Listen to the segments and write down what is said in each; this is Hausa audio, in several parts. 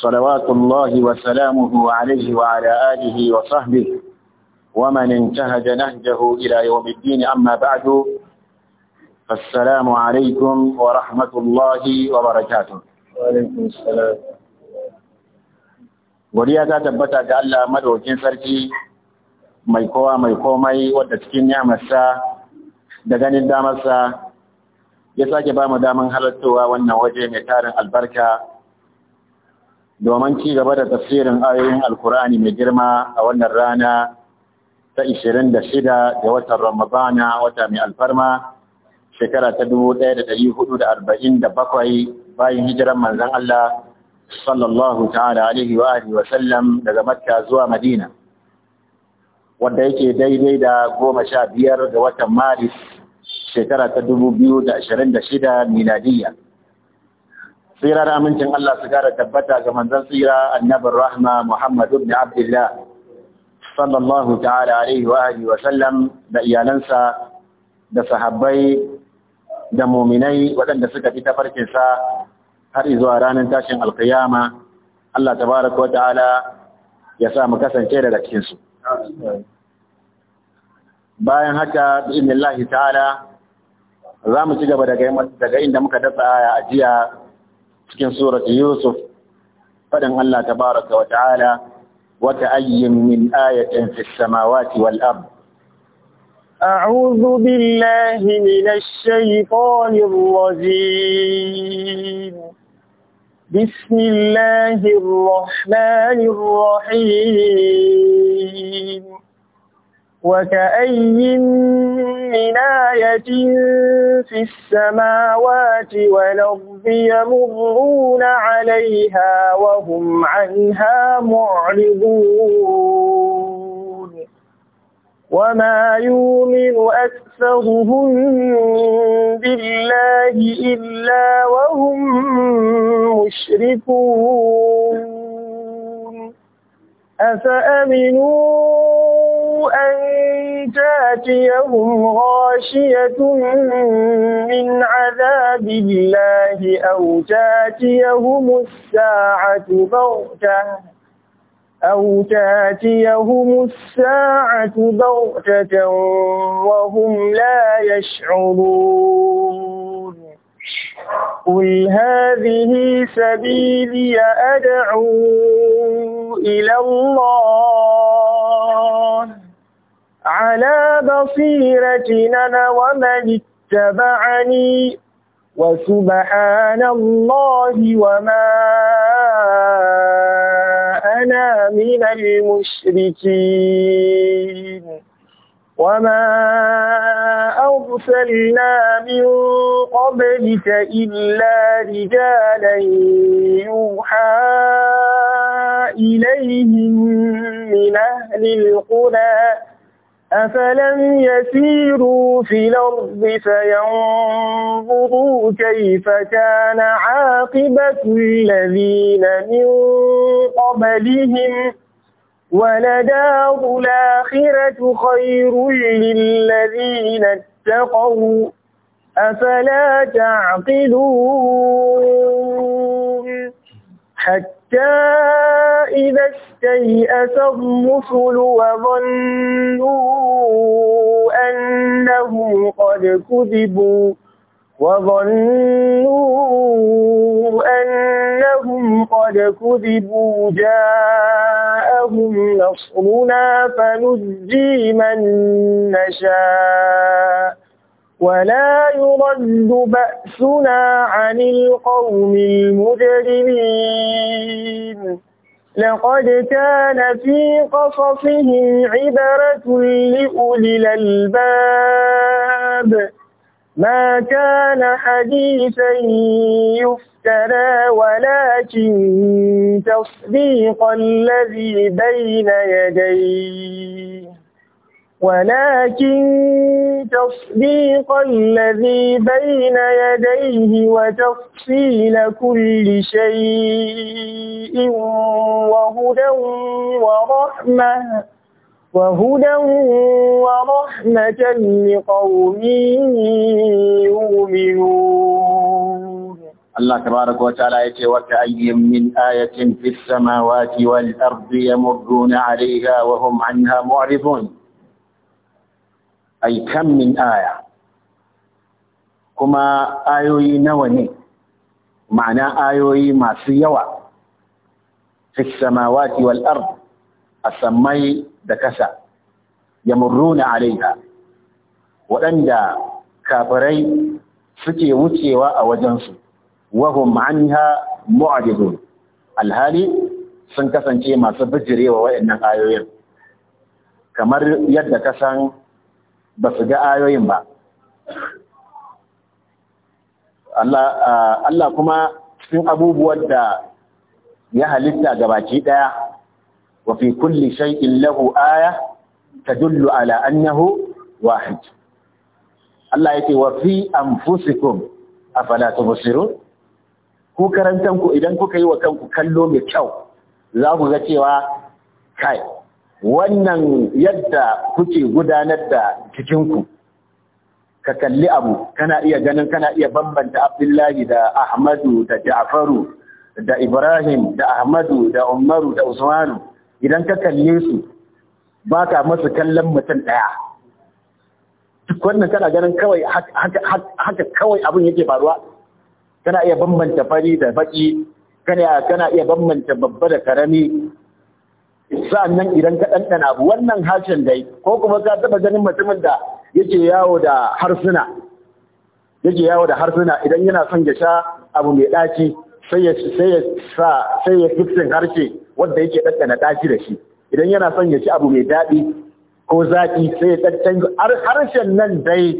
صلوات الله وسلامه عليه وعلى آله وصحبه ومن انتهج نهجه إلى يوم الدين أما بعد فالسلام عليكم ورحمة الله وبركاته وعليكم السلام وليا ذا تبتا جعل أمد وكين سركي ميكوى ميكوى مي ودتكين نعم السا دغن الدام السا يساكي بام دام انهلتوا وانا وجه متارن البركة domin ci gaba da tafsirin ayoyin alkur'ani mai girma a wannan rana ta 26 da watan ramadana wata mai alfarma shekara ta 1447 bayan hijiran manzan Allah sallallahu ta'ala alihi wa ahi wa sallam daga makka zuwa madina wadda yake daidai da goma sha biyar ga watan maris shekara ta 2026 miladiyya tsira da amincin Allah su gara tabbata ga manzon tsira annabin rahma Muhammadu bin Abdullah sallallahu ta'ala alaihi wa alihi wa sallam da iyalansa da sahabbai da muminai waɗanda suka fi tafarkin sa har zuwa ranar tashin alkiyama Allah tabaraka wa ta'ala ya sa mu kasance daga cikin su bayan haka bi ta'ala za mu ci gaba daga inda muka dasa a jiya cikin surati Yusuf fadan Allah tabaraka wa ta'ala wa ta'ayyin min ayatin fis samawati wal ard a'udhu billahi minash shaytanir rajim بسم الله الرحمن الرحيم وكأي من آية في السماوات والأرض يمرون عليها وهم عنها معرضون وما يؤمن أكثرهم بالله إلا وهم مشركون أفأمنون أن تاتيهم غاشية من عذاب الله أو تاتيهم الساعة بغتة أو تاتيهم الساعة بغتة وهم لا يشعرون قل هذه سبيلي أدعو إلى الله على بصيرتنا ومن اتبعني وسبحان الله وما أنا من المشركين وما أرسلنا من قبلك إلا رجالا يوحى إليهم من أهل القرى أفلم يسيروا في الأرض فينظروا كيف كان عاقبة الذين من قبلهم ولدار الآخرة خير للذين اتقوا أفلا تعقلون حتى إذا استيأس الرسل وظنوا أنهم قد كذبوا وظنوا أنهم قد كذبوا جاءهم نصرنا فنجي من نشاء ولا يرد بأسنا عن القوم المجرمين لقد كان في قصصهم عبرة لأولي الألباب ما كان حديثا يفترى ولكن تصديق الذي بين يديه ولكن تصديق الذي بين يديه وتفصيل كل شيء وهدى ورحمة وهدى ورحمة لقوم يؤمنون الله تبارك وتعالى يتي وكأي من آية في السماوات والأرض يمرون عليها وهم عنها معرضون ay kam min aya kuma ayoyi nawa ne ma'ana ayoyi masu yawa fi samawati wal ard sammai da kasa muruna alaiha waɗanda kafirai suke wucewa a wajensu wahum anha mu'adidun alhali sun kasance masu bijirewa waɗannan ayoyin kamar yadda ka san ba su ga ayoyin ba Allah kuma cikin abubuwan da ya halitta gabaki ɗaya. wa fi kulli shan lahu aya tadullu ala annahu wahid Allah yake wa fi a afala Musiru. ku karantanku idan kuka yi wa kanku kallo mai kyau za ku ga cewa kai wannan yadda kuke gudanar da cikinku ka kalli abu kana iya ganin kana iya bambanta abdullahi da ahmadu da ja'faru da ibrahim da ahmadu da umaru da usmanu idan ka kalli su ba ka masu kallon mutum ɗaya duk wannan kana ganin kawai haka kawai abin yake faruwa kana iya bambanta fari da baki kana iya bambanta babba da karami nan idan ka ɗanɗana abu wannan harshen dai ko kuma ka taɓa ganin mutumin da yake yawo da harsuna yake yawo da harsuna idan yana son ya sha abu mai ɗaci sai ya sa sai ya fixin harshe wanda yake ɗanɗana ɗaci da shi idan yana son ya ci abu mai daɗi ko zaƙi sai ya ɗanɗan harshen nan dai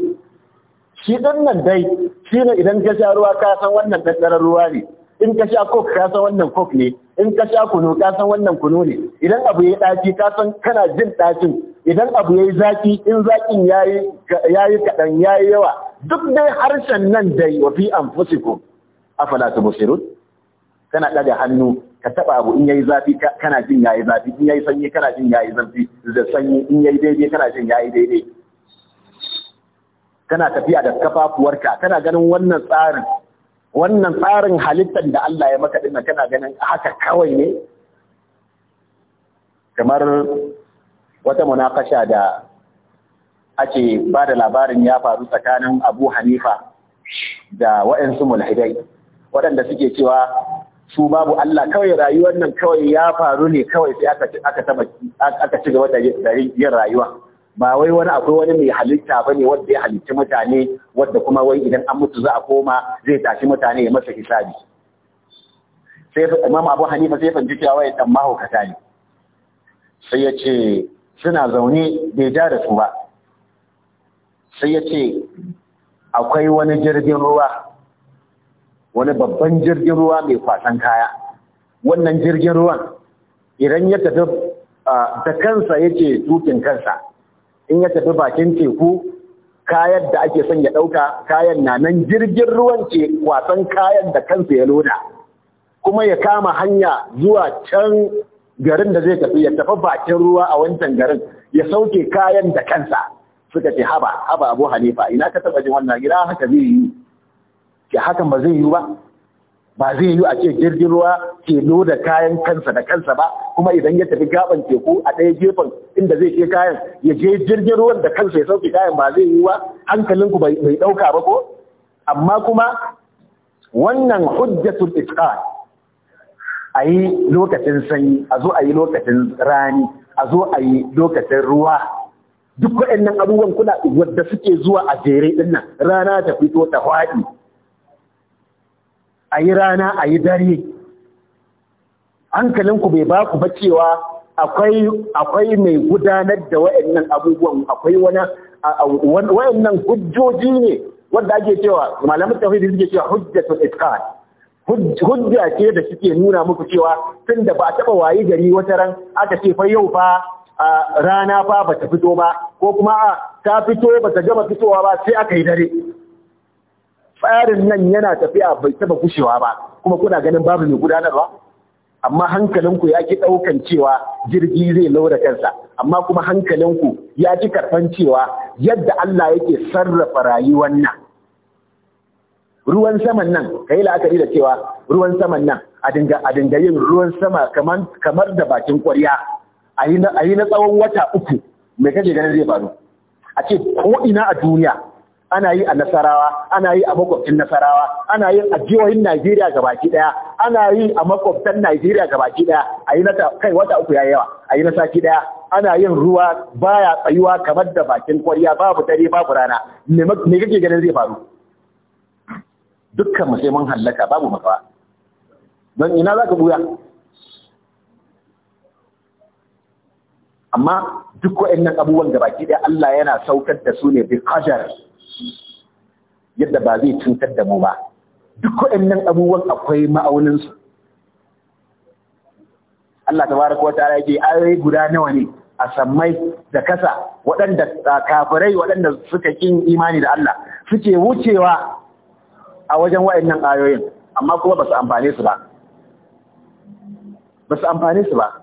shi ɗan nan dai shi ne idan ka sha ruwa ka san wannan ɗanɗanar ruwa ne in ka sha coke ka san wannan coke ne in ka sha kunu ka san wannan kunu ne idan abu yayi daki ka san kana jin dakin idan abu yayi zaki in zakin yayi yayi kadan yayi yawa duk dai harshen nan dai wa fi anfusikum afala tubsirun kana daga hannu ka taba abu in yayi zafi kana jin yayi zafi in yayi sanyi kana jin yayi zafi da sanyi in yayi daidai kana jin yayi daidai kana tafiya da kafafuwarka kana ganin wannan tsarin wannan tsarin halittar da Allah ya maka dina kana ganin haka kawai ne kamar wata munakasha da ake ba da labarin ya faru tsakanin Abu Hanifa da waɗansu mulhidai waɗanda suke cewa su babu Allah kawai rayuwar nan kawai ya faru ne kawai sai aka ci gaba da yin rayuwa. ba wai wani akwai wani mai halitta ba ne wanda ya halitta mutane wadda kuma wai idan an mutu za a koma zai tashi mutane ya masa hisabi sai imam abu hanifa sai fanci cewa ya dan mahaukata ne sai ya ce suna zaune bai ja da su ba sai ya ce akwai wani jirgin ruwa wani babban jirgin ruwa mai kwasan kaya wannan jirgin ruwan idan ya tafi ah, da kansa yake tukin kansa in ya tafi bakin teku kayan da ake son ya ɗauka kayan na nan jirgin ruwan ce wasan kayan da kansa ya loda kuma ya kama hanya zuwa can garin da zai tafi ya tafi bakin ruwa a wancan garin ya sauke kayan da kansa suka ce haba haba abu hanifa ina ka taba jin wannan gida haka zai yi ke hakan ba zai yi ba ba zai yi a ce jirgin ruwa ke loda kayan kansa da kansa ba kuma idan ya tafi gaban teku a ɗaya gefen inda zai ke kayan ya je jirgin ruwan da kansa ya sauke kayan ba zai yi wa hankalinku bai ɗauka ba ko amma kuma wannan hujjatul iska a yi lokacin sanyi a zo a yi lokacin rani a zo a yi lokacin ruwa duk waɗannan abubuwan kuna wadda suke zuwa a jere ɗin nan rana ta fito ta faɗi a yi rana a yi dare hankalinku bai ba ku ba cewa akwai mai gudanar da wa'annan abubuwan akwai wani wa'annan hujjoji ne wanda ake cewa malamin da suke cewa hujjatul iska. hujja ce da suke nuna muku cewa tun da ba a taba waye gari wata ran aka ce fa yau fa rana fa ta fito ba ko kuma ta fito ba ta gama fitowa ba sai aka yi dare tsarin nan yana tafiya bai taba gushewa ba kuma kuna ganin babu mai gudanarwa amma hankalinku ya ki ɗaukan cewa jirgi zai laura kansa amma kuma hankalinku ya ki karfan cewa yadda Allah yake sarrafa rayuwar nan ruwan saman nan ka yi la'akari da cewa ruwan saman nan a dinga yin ruwan sama kamar da bakin ƙwarya. Ayi na tsawon wata uku mai kaje ganin zai faru a ce ko ina a duniya ana yi a Nasarawa, ana yi a makwabtan Nasarawa, ana yi a jihohin Najeriya gabaki daya, ana yi a makwabtan Najeriya gabaki daya, a yi nata kai wata uku ya yawa, a yi na sati daya, ana yin ruwa baya tsayuwa kamar da bakin kwarya babu dare babu rana, me kake ganin zai faru? Dukkan mu sai mun hallaka babu makawa. Don ina za ka buya? Amma duk wa'annan abubuwan gabaki daya Allah yana saukar da su ne bi qadar yadda ba zai cutar da mu ba duk wa'annan abubuwan akwai ma'auninsu Allah tabaraka wa ta'ala yake ayoyi guda nawa ne a sammai da kasa waɗanda kafirai waɗanda suka kin imani da Allah suke wucewa a wajen wa'annan ayoyin amma kuma ba su amfane su ba ba su amfane su ba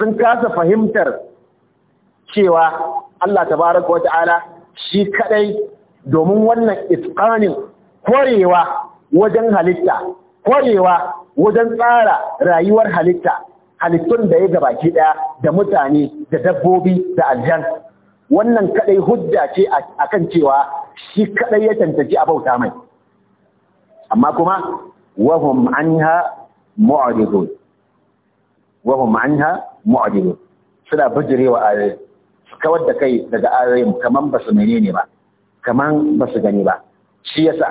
sun kasa fahimtar cewa Allah tabaraka wa ta'ala shi kadai domin wannan itqanin korewa wajen halitta korewa wajen tsara rayuwar halitta halittun da ya gabaki ɗaya, da mutane da dabbobi da aljan wannan kadai hujja ce kan cewa shi kadai ya tantaci a bauta mai amma kuma wahum anha mu'ridun wahum anha mu'ridun suna bijirewa ayoyi su kawar da kai daga ayoyin kaman ba su menene ba kaman ba su gani ba shi yasa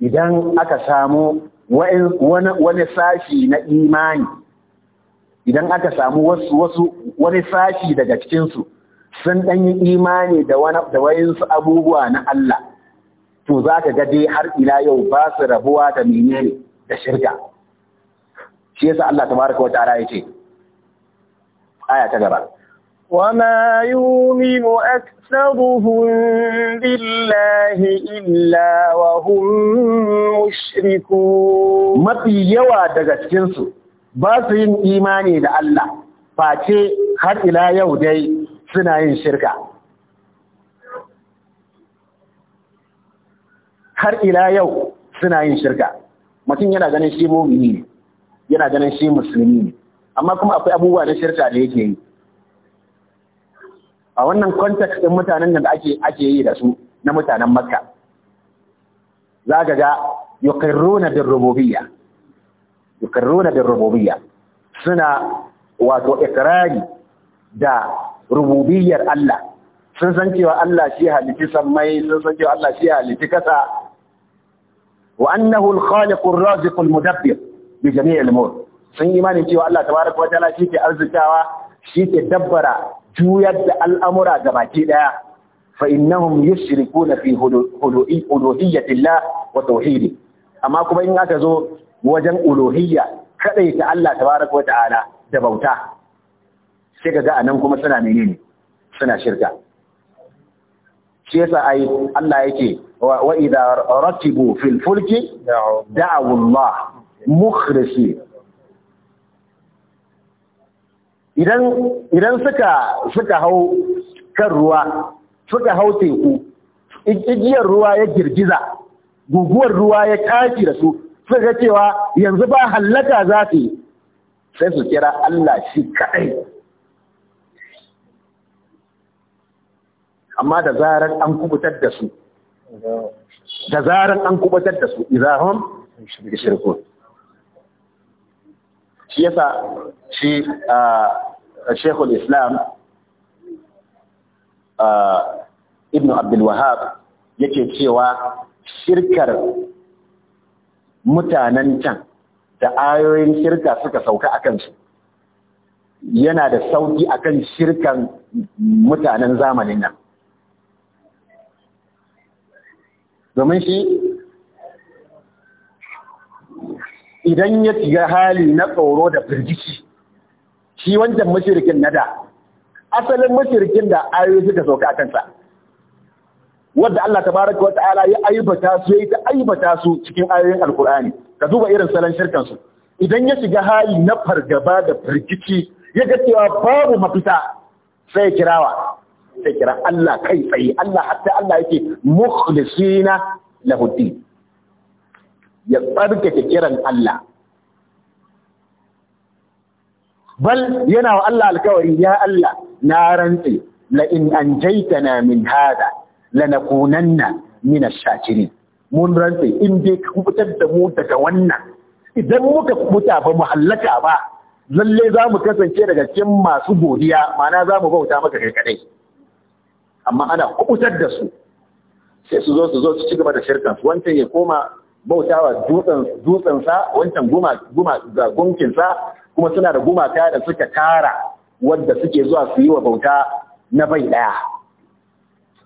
idan aka samu wani sashi na imani idan aka samu wasu wasu wani sashi daga cikinsu sun yi imani da wayansu abubuwa na Allah to za ka dai har ila yau ba su rabuwa da menene da shirka shi yasa Allah tabaraka wa ta'ala yace aya ta gaba وما يؤمن أكثرهم بالله إلا وهم مشركون ما في يوى دغتكنس باسين إيماني دا الله فاتي har ila yau dai suna yin shirka har ila yau suna yin shirka mutum yana ganin shi mumini ne yana ganin shi musulmi ne amma kuma akwai abubuwa na shirka da yake yi a wannan context ɗin mutanen da ake ake yi da su na mutanen makka za ka ga yuqirruna bir rububiyya yuqirruna bir rububiyya suna wato ikrari da rububiyyar Allah sun san cewa Allah shi halitti sammai sun san cewa Allah shi halitti kasa wa annahu al-khaliqu ar-raziqu al-mudabbir bi jami'i al-umur sun imani cewa Allah tabaraka wa ta'ala shi ke arzikawa shi ke dabbara juyar da al'amura ga baki ɗaya fa innahum yushrikuna fi uluhiyyatillah wa tauhidi amma kuma in aka zo wajen uluhiyya kaɗai ta Allah tabaraka wata'ala da bauta sai kaga anan kuma suna menene suna shirka shi yasa ai Allah yake wa idza ratibu fil fulki da'u Allah idan suka hau kan ruwa suka hau teku igiyar ruwa ya girgiza guguwar ruwa ya tashi da su suka ga cewa yanzu ba hallaka za su yi sai su kira Allah shi kaɗai amma da zarar an kubutar da su da zarar an kubutar da su shirkun shi yasa shi shekul islam ibn abdulwahab yake cewa shirkar mutanen can da ayoyin shirka suka sauka a kansu yana da sauki akan shirkan mutanen zamanin nan domin shi idan ya shiga hali na tsoro da firgici shi wancan mashirikin na da asalin mashirikin da ayoyi suka sauka kansa wadda Allah tabaraka wa ta'ala ya aibata su yayi ta aibata su cikin ayoyin alkur'ani ka zuba irin salon shirkan su idan ya shiga hali na fargaba da firgici ya ga cewa babu mafita sai kirawa sai kira Allah kai tsaye Allah hatta Allah yake mukhlisina lahu ya tsarkake kiran Allah bal yana wa Allah alkawari ya Allah na rantse la in na min hada lanakunanna min ash-shakirin mun rantse in dai ka kubutar da mu daga wannan idan muka kubuta ba mu hallaka ba lalle za mu kasance daga cikin masu godiya ma'ana za mu bauta maka kai kadai amma ana kubutar da su sai su zo su zo su ci gaba da shirkan wancan ya koma bautawa dutsen sa wancan gunkinsa kuma suna da gumaka da suka tara wadda suke zuwa su yi wa bauta na bai ɗaya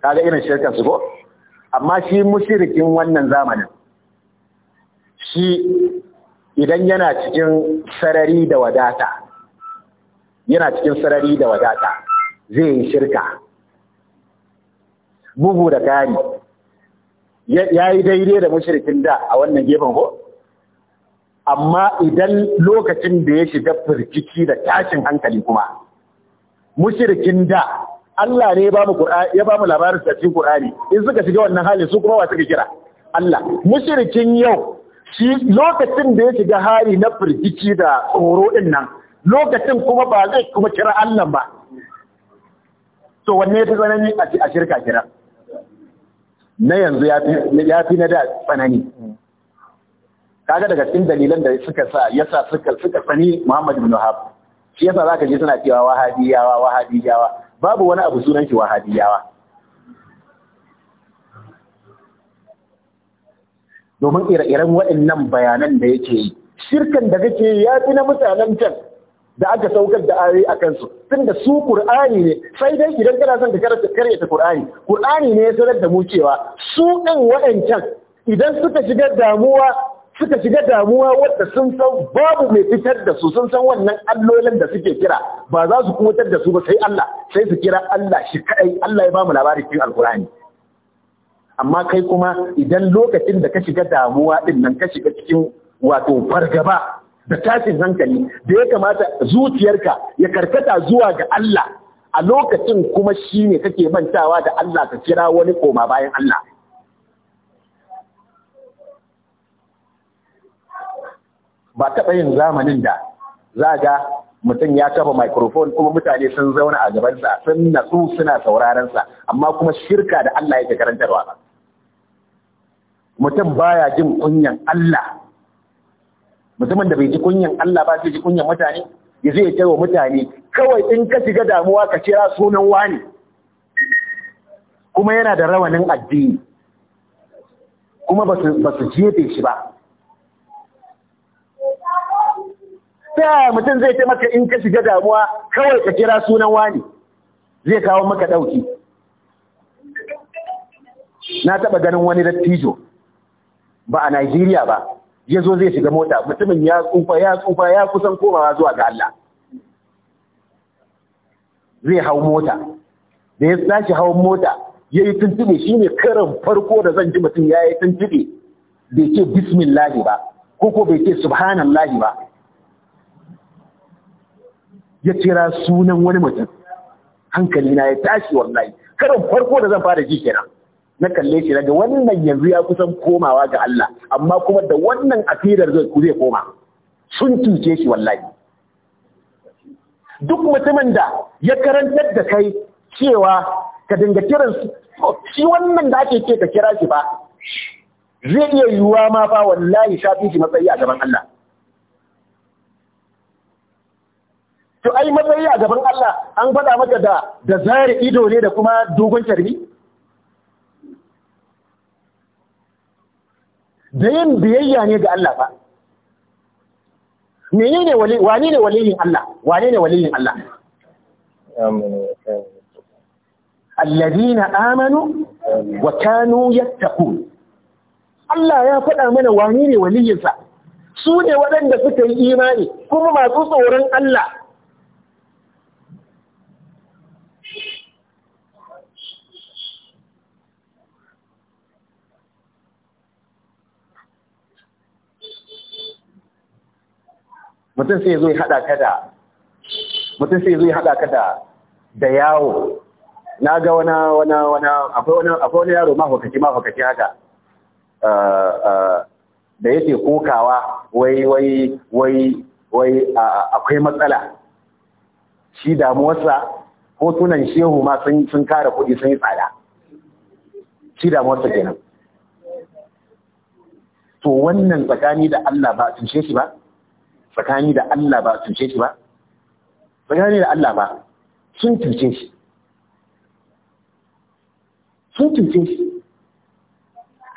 kaga irin shirkan su ko amma shi mushirikin wannan zamanin shi idan yana cikin sarari da wadata yana cikin sarari da wadata zai yi shirka bugu da kari ya yi daidai da mashirikin da a wannan gefen ko amma idan lokacin da ya shiga firkiki da tashin hankali kuma mashirikin da Allah ne ya ba mu labarin da kurani in suka shiga wannan hali su kuma wa suka kira Allah Mashirikin yau shi lokacin da ya shiga hali na firkiki da tsoro ɗin nan lokacin kuma ba zai kuma kira Allah ba to wanne ya fi tsanani a shirka kira na yanzu ya fi na da tsanani kaga daga cikin dalilan da suka sa sa suka suka tsani Muhammad bin Wahab shi yasa za ka je suna cewa wahabiyawa wahabiyawa babu wani abu sunan shi wahabiyawa domin ire-iren waɗannan bayanan da yake yi shirkan da kake yi ya fi na mutanen can da aka saukar da ayoyi a kansu tunda su Kur'ani ne sai dai idan kana son ka karanta karyata Kur'ani. Kur'ani ne ya sanar da mu cewa su ɗin waɗancan idan suka shiga damuwa suka shiga damuwa wadda sun san babu mai fitar da su sun san wannan allolin da suke kira ba za su kuwatar da su ba sai Allah sai su kira Allah shi kai Allah ya bamu labarin cikin alkurani amma kai kuma idan lokacin da ka shiga damuwa din nan ka shiga cikin wato fargaba da tashin hankali da ya kamata zuciyarka ya karkata zuwa ga Allah a lokacin kuma shi ne kake mantawa da Allah ka kira wani koma bayan Allah. Ba taɓa yin zamanin da za ga mutum ya taɓa microphone kuma mutane sun zauna a gabansa sun natsu suna saurarensa amma kuma shirka da Allah yake karantarwa. Mutum baya jin kunyan Allah mutumin da bai ji kunyan Allah ba zai ji kunyan mutane ya zai kai wa mutane kawai in ka shiga damuwa ka kira sunan wani kuma yana da rawanin addini kuma ba su jefe shi ba ta yaya mutum zai taimaka in ka shiga damuwa kawai ka kira sunan wani zai kawo maka ɗauki na taɓa ganin wani dattijo ba a Najeriya ba ya zo zai shiga mota mutumin ya tsufa ya tsufa ya kusan komawa zuwa ga Allah zai hau mota da ya tsashi hawan mota ya yi tuntube shi ne karin farko da zan ji mutum ya yi tuntube bai ce bismillahi ba ko ko bai ce subhanallahi ba ya kira sunan wani mutum hankali na ya tashi wallahi karin farko da zan fara ji kenan na kalle shi daga wannan yanzu ya kusan komawa ga Allah amma kuma da wannan asirar zai zai koma sun tuce shi wallahi duk mutumin da ya karantar da kai cewa ka dinga kiran shi wannan da ake ce ka kira shi ba zai iya yiwuwa ma fa wallahi shafi shi matsayi a gaban Allah to ai matsayi a gaban Allah an faɗa maka da da zare ido ne da kuma dogon tarbi da yin biyayya ne ga Allah ba menene wali wani ne waliyin Allah wane ne waliyin Allah amanu wa kanu Allah ya faɗa mana wani ne waliyinsa su ne waɗanda suka yi imani kuma masu tsoron Allah mutum sai zai hada haɗa ka da mutum sai zai hada ka da da yawo na ga wana wana wana akwai wani akwai wani yaro mahaukaci mahaukaci haka uh, uh, da yake kokawa wai wai wai wai akwai matsala shi damuwarsa tunan shehu ma sun sun kare kuɗi sun yi tsada shi damuwarsa kenan to wannan tsakani da Allah ba tun tunshe shi ba tsakani da Allah ba cuce shi ba tsakani da Allah ba sun cuce shi sun cuce shi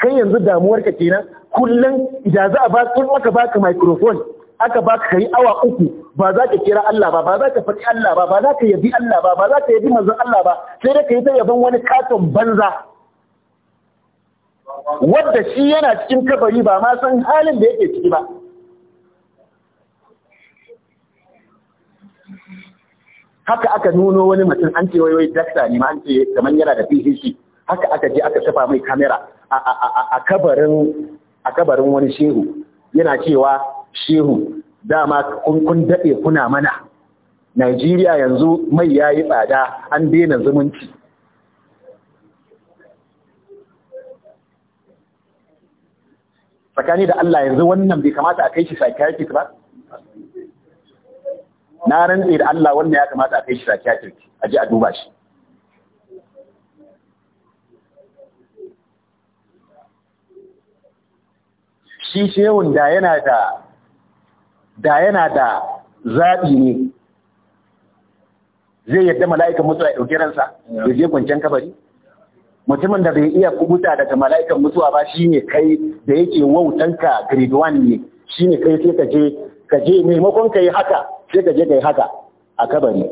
kai yanzu damuwar ka kenan kullum idan za a ba kun aka baka microphone aka baka kai awa uku ba za ka kira Allah ba ba za ka faɗi Allah ba ba za ka yabi Allah ba ba za ka yabi manzon Allah ba sai dai ka yi ta yaban wani katon banza wadda shi yana cikin kabari ba ma san halin da yake ciki ba haka aka nuno wani mutum an ce wai dakta ne ma an ce kamar yana da PCC haka aka je aka tafa mai kamera a kabarin a kabarin wani shehu yana cewa shehu dama kun kun dade kuna mana Najeriya yanzu mai yayi tsada an daina zumunci tsakani da Allah yanzu wannan bai kamata a kai shi psychiatrist ba na rantse da Allah wannan ya kamata a kai shi psychiatrist a ji a duba shi shi shehun da yana da da yana da zaɓi ne zai yadda mala'ikan mutuwa ya ɗauki ransa ya je kwanciyar kabari mutumin da bai iya kubuta daga mala'ikan mutuwa ba shi ne kai da yake wautanka grade 1 ne shi ne kai sai ka ka je maimakon ka yi haka sai ka je ka yi haka a kabari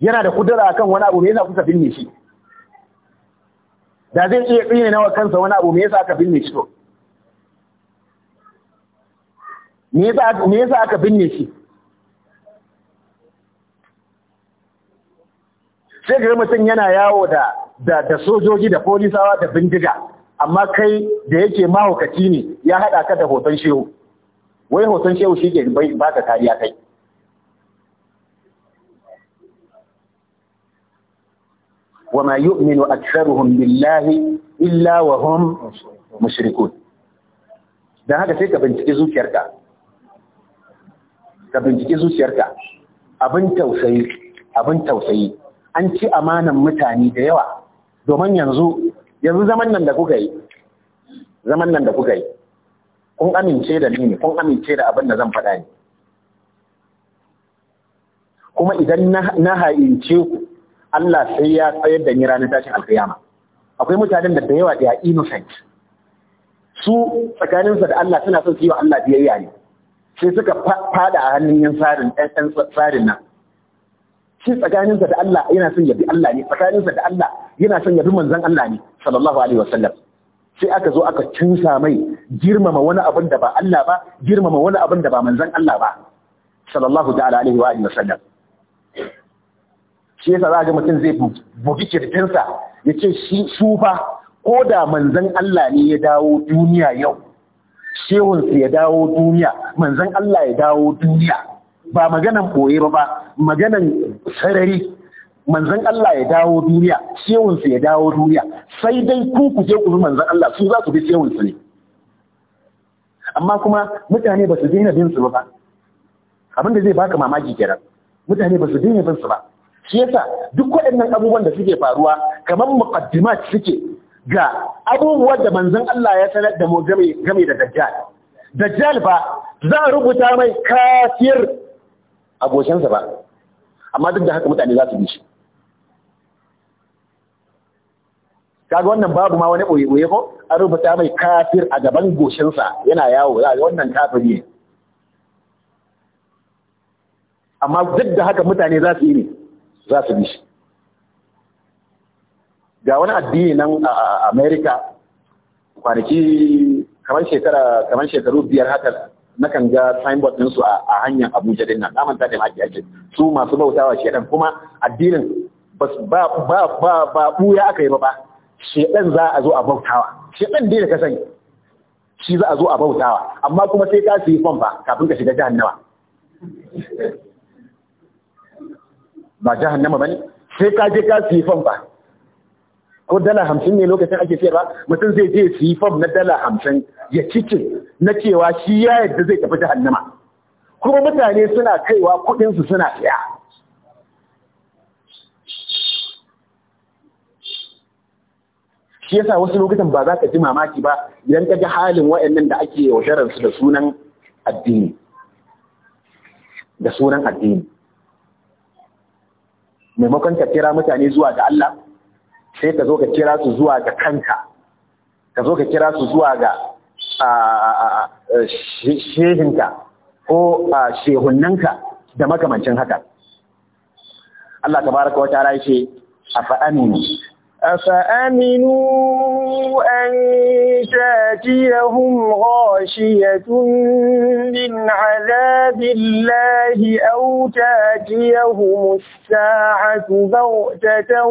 yana da kudura akan wani abu mai yasa kusa binne shi da zai iya tsini nawa kansa wani abu me yasa aka binne shi to me yasa me yasa aka binne shi sai ga mutum yana yawo da da sojoji da polisawa da bindiga amma kai da yake mahaukaci ne ya haɗa ka da hoton shehu wai hoton shehu shi ke ba ka kariya kai yu'minu يؤمن billahi illa wa hum mushrikun. dan haka sai ka bincike zuciyarka ka bincike zuciyarka abin tausayi abin tausayi an ci amanan mutane da yawa domin yanzu yanzu zaman nan da kuka yi zaman nan da kuka yi kun amince da ni ne kun amince da abin da zan faɗa ne kuma idan na haince ku Allah sai ya tsayar da ni ranar tashin alkiyama akwai mutanen da da yawa da innocent su tsakaninsa da Allah suna son su yi wa Allah biyayya ne sai suka fada a hannun yan tsarin ɗan tsarin nan shi tsakaninsa da Allah yana son ya bi Allah ne tsakaninsa da Allah yana son ya bi manzon Allah ne sallallahu alaihi wasallam sai aka zo aka cinsa mai girmama wani abin da ba Allah ba girmama wani abin da ba manzan Allah ba sallallahu ta'ala alaihi wa alihi wasallam shi yasa za ga mutum zai bugi kirkinsa ya ce shi su fa ko da manzon Allah ne ya dawo duniya yau shehunsu ya dawo duniya manzon Allah ya dawo duniya ba maganan boye ba ba maganan sarari Manzan Allah ya dawo duniya shehunsu ya dawo duniya sai dai ku ku je ku bi manzan Allah su za su bi shehunsu ne amma kuma mutane ba su daina bin su ba abinda zai baka mamaki kenan mutane ba su daina bin su ba shi yasa duk waɗannan abubuwan da suke faruwa kamar muqaddimat suke ga abubuwan da manzan Allah ya sanar da mu game game da dajjal dajjal ba za a rubuta mai kafir abokansa ba amma duk da haka mutane za su bi shi kaga wannan babu ma wani ɓoye-ɓoye ko an rubuta mai kafir a gaban goshinsa yana yawo za a ga wannan kafir ne amma duk da haka mutane za su yi ne za su bi shi ga wani addini nan a Amerika, kwanaki kamar shekara kamar shekaru biyar haka kan ga signboard ɗinsu a hanyar abuja din nan damanta da haƙi ake su masu bautawa shi shedan kuma addinin ba ba ɓuya aka yi ba ba shedan za a zo a bautawa shedan dai da ka sani shi za a zo a bautawa amma kuma sai ka yi fam ba kafin ka shiga jahannama ba jahannama bane sai ka je ka yi fam ba ko dala hamsin ne lokacin ake cewa mutum zai je yi fam na dala hamsin ya cikin na cewa shi ya yadda zai tafi jahannama kuma mutane suna kaiwa kuɗinsu suna siya shi yasa wasu lokutan ba za ka ji mamaki ba idan ka ga halin waɗannan da ake yaudarar su da sunan addini da sunan addini maimakon ka kira mutane zuwa ga Allah sai ka zo ka kira su zuwa ga kanka ka zo ka kira su zuwa ga shehinka ko shehunnanka da makamancin haka Allah tabaraka wa ta'ala yace a aminu أفأمنوا أن تاتيهم غاشية من عذاب الله أو تاتيهم الساعة بغتة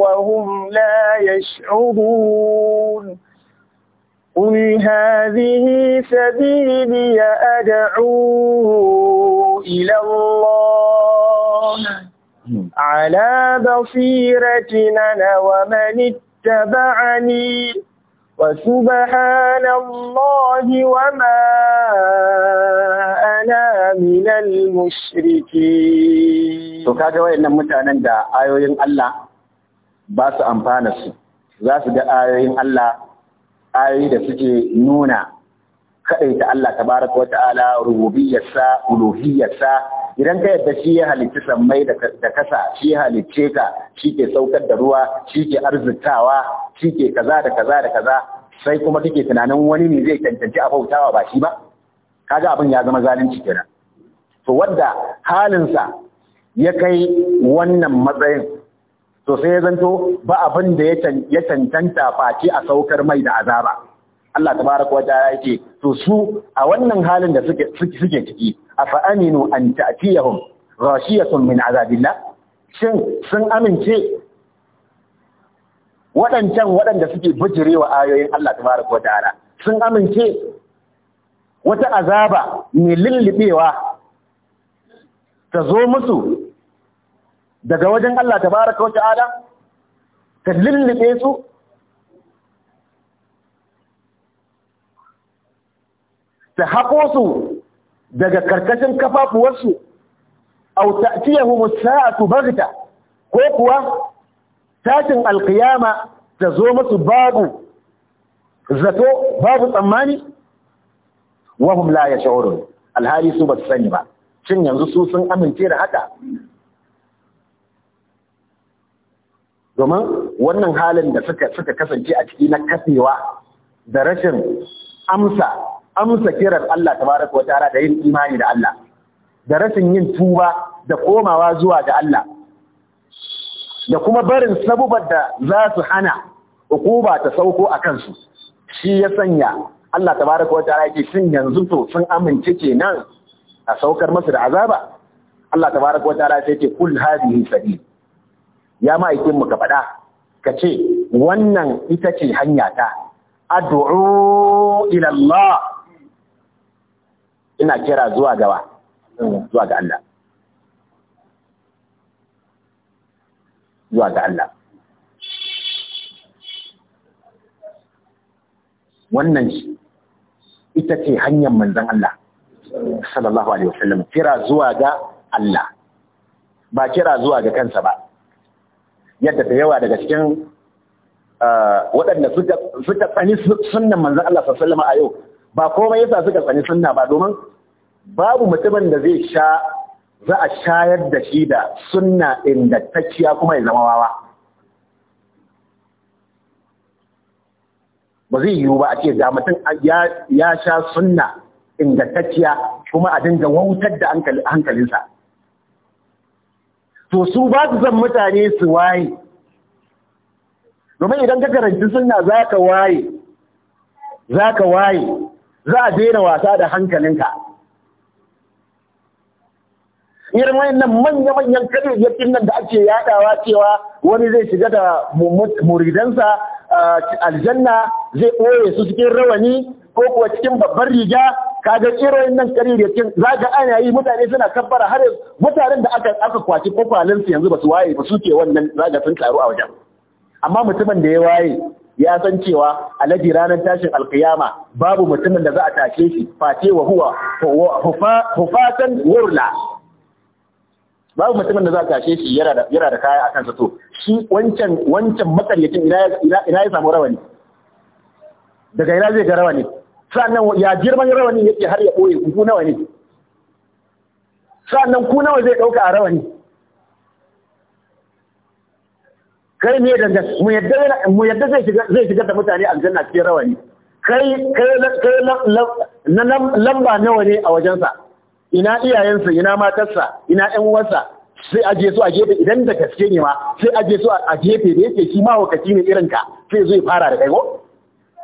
وهم لا يشعرون قل هذه سبيلي أدعو إلى الله على wa أنا ومن اتبعني وسبحان الله وما أنا من المشركين to kaga wayannan mutanen da ayoyin Allah ba su amfana su za su ga ayoyin Allah ayoyi da suke nuna kaɗaita Allah tabaraka wata'ala rububiyarsa uluhiyarsa idan ka yadda shi ya halicci sammai da kasa shi ya halicce ka shi ke saukar da ruwa shi ke arzikawa shi ke kaza da kaza da kaza sai kuma kake tunanin wani ne zai cancanci a bautawa ba shi ba kaga abin ya zama zalunci kenan to wanda halinsa ya kai wannan matsayin to sai ya zanto ba abin da ya cancanta face a saukar mai da azaba Allah tabaraka wa ta'ala yake to su a wannan halin da suke suke ciki afa aminu an ta'tiyahum rashiyatun min azabillah shin sun amince waɗancan waɗanda suke bijirewa ayoyin Allah tabaraka wa ta'ala sun amince wata azaba mai lullubewa ta zo musu daga wajen Allah tabaraka wa ta'ala ta lullube su ta haƙo su daga karkashin kafafuwarsu au ta'tiyahumus su baghta ko kuwa tashin alkiyama ta zo masu babu zato babu tsammani wahum la yash'urun alhali su basu sani ba shin yanzu su sun amince da haka domin wannan halin da suka kasance a ciki na kasewa da rashin amsa amsa kiran Allah tabaraka wa ta'ala da yin imani da Allah da rashin yin tuba da komawa zuwa ga Allah da kuma barin sabubar da za su hana hukuma ta sauko a kansu shi ya sanya Allah tabaraka wa ta'ala yake shin yanzu to sun amince kenan a saukar masu da azaba Allah tabaraka wa ta'ala sai ce kul hadhihi sabil ya ma'aikin mu ka faɗa ka ce wannan ita ce hanya ta addu'u ila Allah ina kira zuwa gawa hmm. zuwa ga Allah zuwa ga Allah wannan ita ce hanyar manzan Allah sallallahu alaihi wasallam kira zuwa ga Allah ba kira zuwa ga kansa ba yadda da yawa daga cikin uh, waɗanda suka tsani sunan manzan Allah sallallahu a yau ba komai yasa suka tsani sunna ba domin babu mutumin da zai sha za a shayar da shi da sunna ingantacciya kuma ya zama wawa ba zai yiwu ba a ce ga mutum ya sha sunna ingantacciya kuma a dinga wautar da hankalinsa to su ba su san mutane su waye domin idan ka karanci sunna za ka waye za ka waye za a daina wasa da hankalinka irin nan manya-manyan kadiyyar nan da ake yadawa cewa wani zai shiga da muridansa aljanna zai ɓoye su cikin rawani ko kuwa cikin babbar riga kaga irin nan kadiyyar za ga ana yi mutane suna kabbara har mutanen da aka aka kwaci kofalinsu yanzu ba su waye ba suke wannan za ka sun taru a wajen amma mutumin da ya waye ya san cewa alaji ranar tashin alkiyama babu mutumin da za a tashe shi face wa huwa hufatan wurla babu mutumin da za a tashe shi yana da kaya a kansa to shi wancan wancan matsalacin ina ya samu rawani daga ina zai ga rawani sannan ya girman rawani yake har ya ɓoye ku nawa ne sannan ku nawa zai ɗauka a rawani kai ne danga mu yadda mu yadda zai shiga zai shiga da mutane aljanna cikin rawani kai kai kai na lamba nawa ne a wajensa ina iyayensa ina matarsa ina ƴan uwansa sai aje su a gefe idan da gaske ne ma sai aje su a gefe da yake shi ma wakaci ne irin ka sai zai fara da kai ko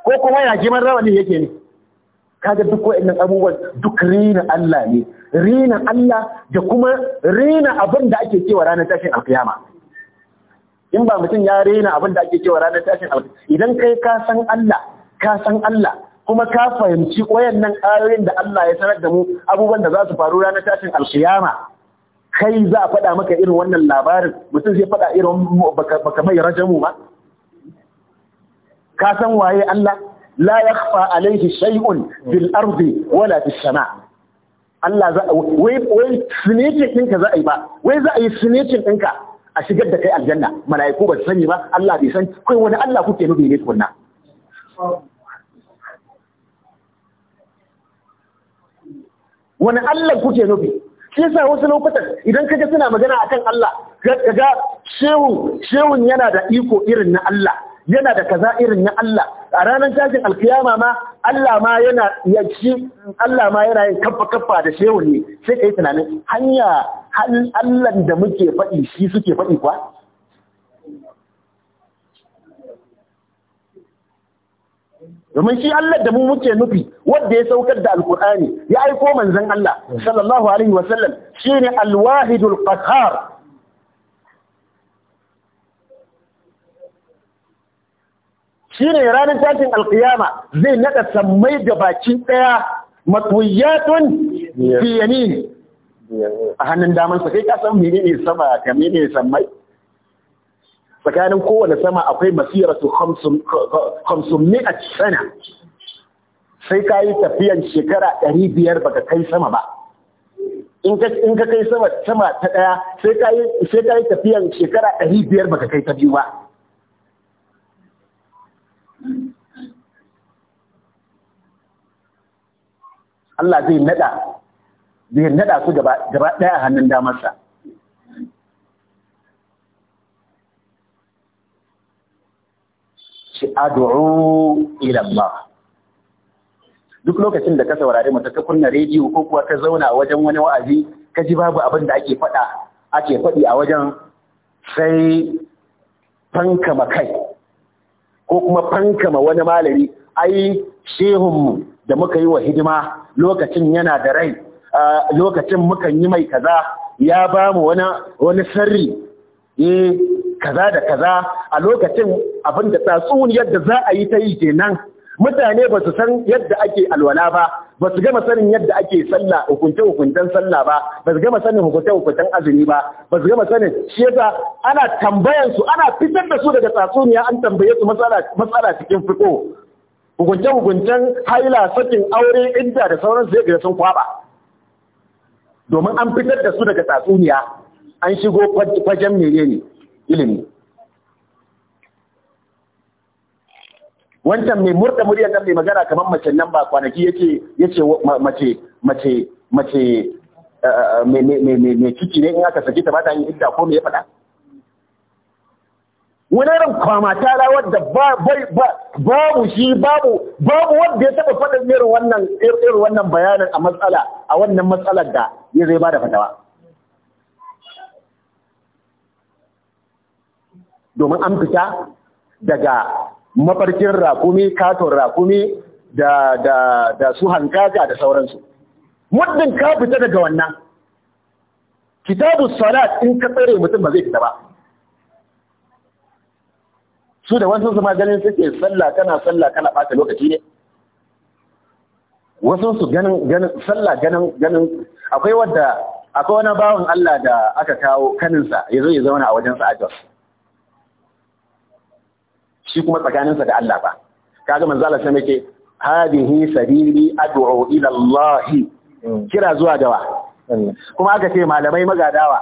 ko kuma yana kiman rawani yake ne kaga duk wa'annan abubuwan duk rina Allah ne rina Allah da kuma rina abin da ake cewa ranar tashin alkiyama in ba mutum ya rena abin da ake cewa ranar tashin alkiyama idan kai ka san Allah ka san Allah kuma ka fahimci wayannan ayoyin da Allah ya sanar da mu abubuwan da za su faru ranar tashin alkiyama kai za a faɗa maka irin wannan labarin mutum zai faɗa irin baka mai rajamu ba ka san waye Allah la yakhfa alayhi shay'un fil ardi wala fis sama Allah za wai wai snitching ɗinka za a yi ba wai za a yi snitching ɗinka a shigar da kai aljanna mala'iku ba su sani ba Allah bai san kai wani Allah kuke nufi ne tukunna wani Allah kuke nufi shi yasa wasu lokutan idan kaje suna magana akan Allah kaga shehun shehun yana da iko irin na Allah yana da kaza irin na Allah a ranar tashin alkiyama ma Allah ma yana yanci Allah ma yana yin kaffa kaffa da shehu ne sai kai tunanin hanya Allah da muke faɗi shi suke faɗi kwa domin shi Allah da mu muke nufi wanda ya saukar da alkur'ani ya aiko manzon Allah sallallahu alaihi wasallam shine alwahidul qahhar shi ne ranar tashin alkiyama zai naɗa sammai da baki ɗaya matuyatun fiyamin a hannun damansa kai ka san mene ne sama ka ne sammai tsakanin kowane sama akwai masiratu hamsin a sana sai ka yi tafiyan shekara ɗari biyar baka kai sama ba in ka kai sama ta ɗaya sai ka yi tafiyan shekara ɗari biyar baka kai ta biyu ba Allah zai nada zai nada su gaba ɗaya a hannun damarsa shi adu'u ila duk lokacin da ka saurari mu ta kunna rediyo ko kuwa ka zauna a wajen wani wa'azi ka ji babu abin da ake faɗa ake faɗi a wajen sai fanka makai ko kuma fanka ma wani malami ai shehunmu da muka yi wa hidima lokacin yana da rai lokacin mukan yi mai kaza ya ba mu wani sirri eh kaza da kaza a lokacin abin da tatsuniyar yadda za a yi ta yi kenan mutane ba su san yadda ake alwala ba ba su gama sanin yadda ake sallah hukunce-hukuncen sallah ba ba su gama sanin hukunce-hukuncen azumi ba ba su gama sanin shi yasa ana tambayan su ana fitar da su daga tatsuniya an tambaye su matsala cikin fiko hukunce-hukuncen haila sakin aure inda da sauran zai gina sun kwaba domin an fitar da su daga tatsuniya an shigo kwajen mere ne ilimi wancan mai murda muryar nan mai magana kamar mace nan ba kwanaki yake yace mace mace mace eh, eh, mai ciki ne in aka saki ta ba ta yin idda ko mai ya faɗa wuraren kwamata rawar da babu shi babu babu wanda ya taba faɗin irin wannan irin wannan bayanin a matsala a wannan matsalar da ya zai bada fatawa domin an fita daga mafarkin rakumi katon rakumi da su hankaka da sauransu muddin ka fita daga wannan kitabu salat in ka tsere mutum ba zai fita ba su da wasu ma ganin suke sallah kana sallah kana bata lokaci ne wasu su ganin ganin sallah ganin ganin akwai wadda akwai wani bawan Allah da aka kawo kaninsa ya zo ya zauna a wajen sa a Jos shi kuma tsakaninsa da Allah ba kaga manzo Allah sai yake hadihi sabili ad'u ila Allah kira zuwa dawa kuma aka ce malamai magadawa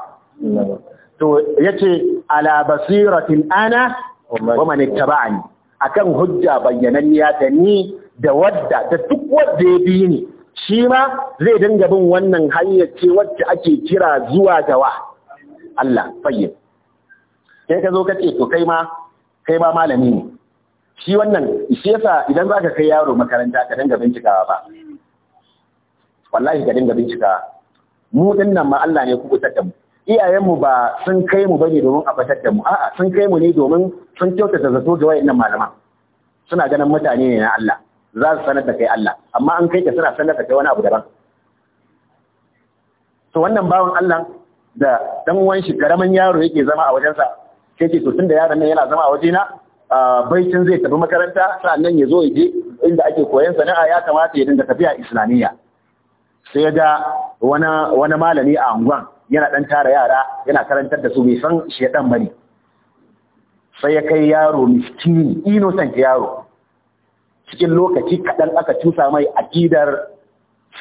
to yace ala basiratin ana wa man ittaba'ani akan hujja bayyananniya da ni da wadda da duk wadda ya bi ni shi ma zai dinga bin wannan hanyar ce wacce ake kira zuwa ga wa Allah fayyin sai ka zo ka ce to kai ma kai ma malami ne shi wannan shi yasa idan zaka kai yaro makaranta ka dinga bincikawa ba wallahi ka dinga bincikawa mu dinnan ma Allah ne ku kusa da mu iyayenmu ba sun kai mu bane domin a fatar da mu a'a sun kai mu ne domin sun kyautata zato ga wayannan malaman suna ganin mutane ne na Allah za su sanar da kai Allah amma an kai ka suna sanar da kai wani abu daban to wannan bawan Allah da dan uwan shi karaman yaro yake zama a wajensa sai ce to tunda yaron nan yana zama a wajena baitin zai tafi makaranta sannan ya zo ya je inda ake koyon sana'a ya kamata ya dinga tafiya islamiyya sai ga wani wani malami a anguwan yana ɗan tara yara yana karantar da su bai san shedan ɗan sai ya kai yaro miskini innocent yaro cikin lokaci kaɗan aka cusa mai akidar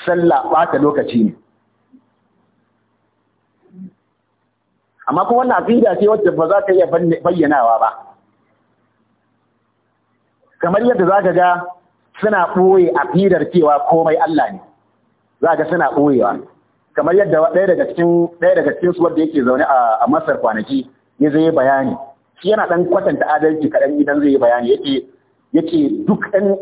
sallah ɓata lokaci ne amma kuma wannan akida ce wacce ba za ka iya bayyanawa ba kamar yadda za ka ga suna ɓoye akidar cewa komai Allah ne za ka suna ɓoyewa kamar yadda ɗaya daga cikin ɗaya daga cikin su wanda yake zaune a Masar kwanaki ya zai bayani shi yana ɗan kwatanta adalci kaɗan idan zai yi bayani yake yake duk ɗan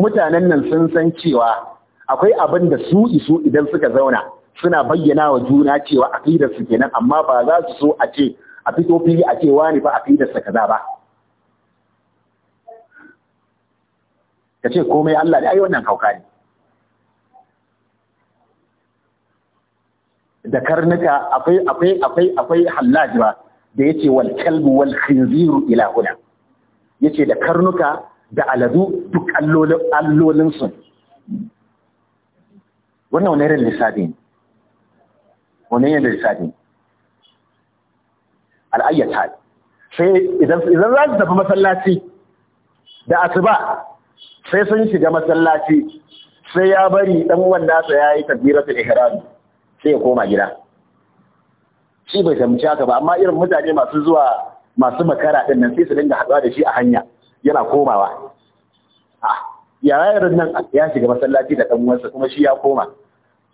mutanen nan sun san cewa akwai abin da su isu idan suka zauna suna bayyana wa juna cewa aqidar su kenan amma ba za su so a ce a fito fili a ce wani ba aqidar sa kaza ba kace komai Allah ne ai wannan kauka ne da karnuka akwai akwai akwai akwai hallaj ba da yace wal kalbu wal khinziru ila huna yace da karnuka da aladu duk allolin allolin su wannan wani irin lissafi ne wani irin lissafi ne al'ayyata sai idan za su tafi masallaci da asuba sai sun shiga masallaci sai ya bari dan wanda ya yi takbiratul ihram sai ya koma gida shi bai fahimci haka ba amma irin mutane masu zuwa masu makara din nan sai su dinga haɗuwa da shi a hanya yana komawa a ah, yaran nan ya shiga masallaci da ɗan uwansa kuma shi ya koma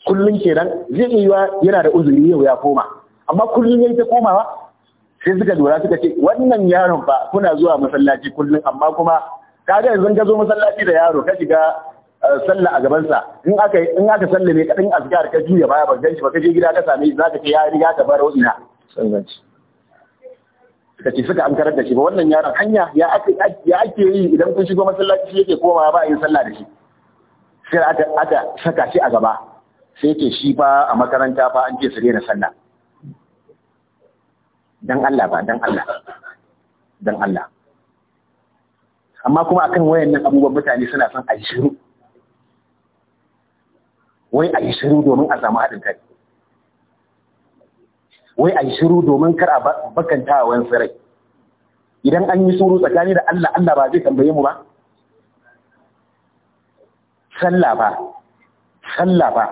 kullum kenan zai iya yiwa yana da uzuri yau ya koma amma kullum yayi ta komawa sai suka lura suka ce wannan yaron fa kuna zuwa masallaci kullum amma kuma kaga yanzu ka zo masallaci da yaro ka shiga sallah a gabansa in aka in aka sallame ka din azkar ka juya baya ba ganshi ba ka je gida ka same shi zaka ce ya riga ka bar ina sallaci ka ci suka amkar da shi ba wannan yaron hanya ya ake ya ake yi idan kun shigo masallaci shi yake komawa ba a yin sallah da shi sai aka aka saka shi a gaba sai yake shi fa a makaranta fa an ce su daina sallah dan Allah ba dan Allah dan Allah amma kuma akan wayannan abubuwan mutane suna son a shiru wai a yi shiru domin a samu haɗin kai wai a yi shiru domin kar a bakanta wa wani rai idan an yi suru tsakani da Allah Allah ba zai tambaye mu ba sallah ba sallah ba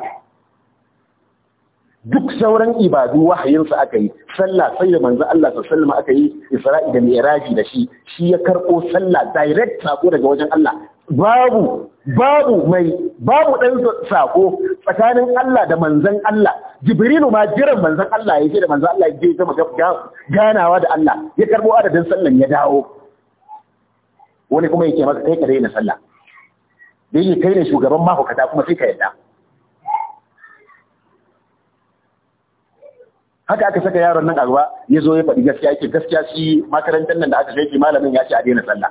duk sauran ibadu wahayinsa aka yi sallah sai da manzo Allah sallallahu aka yi Isra'i da Mi'raji da shi shi ya karɓo sallah direct sako daga wajen Allah babu babu mai babu ɗan sako tsakanin Allah da manzan Allah Jibrilu ma jiran manzan Allah yake da manzan Allah yake ta ganawa da Allah ya karbo adadin sallan ya dawo wani kuma yake masa kai ka daina sallah dai yake kai ne shugaban mahaukata kuma sai ka yadda haka aka saka yaron nan a ruwa ya zo ya faɗi gaskiya yake gaskiya shi makarantar nan da aka kai malamin ya ce a daina sallah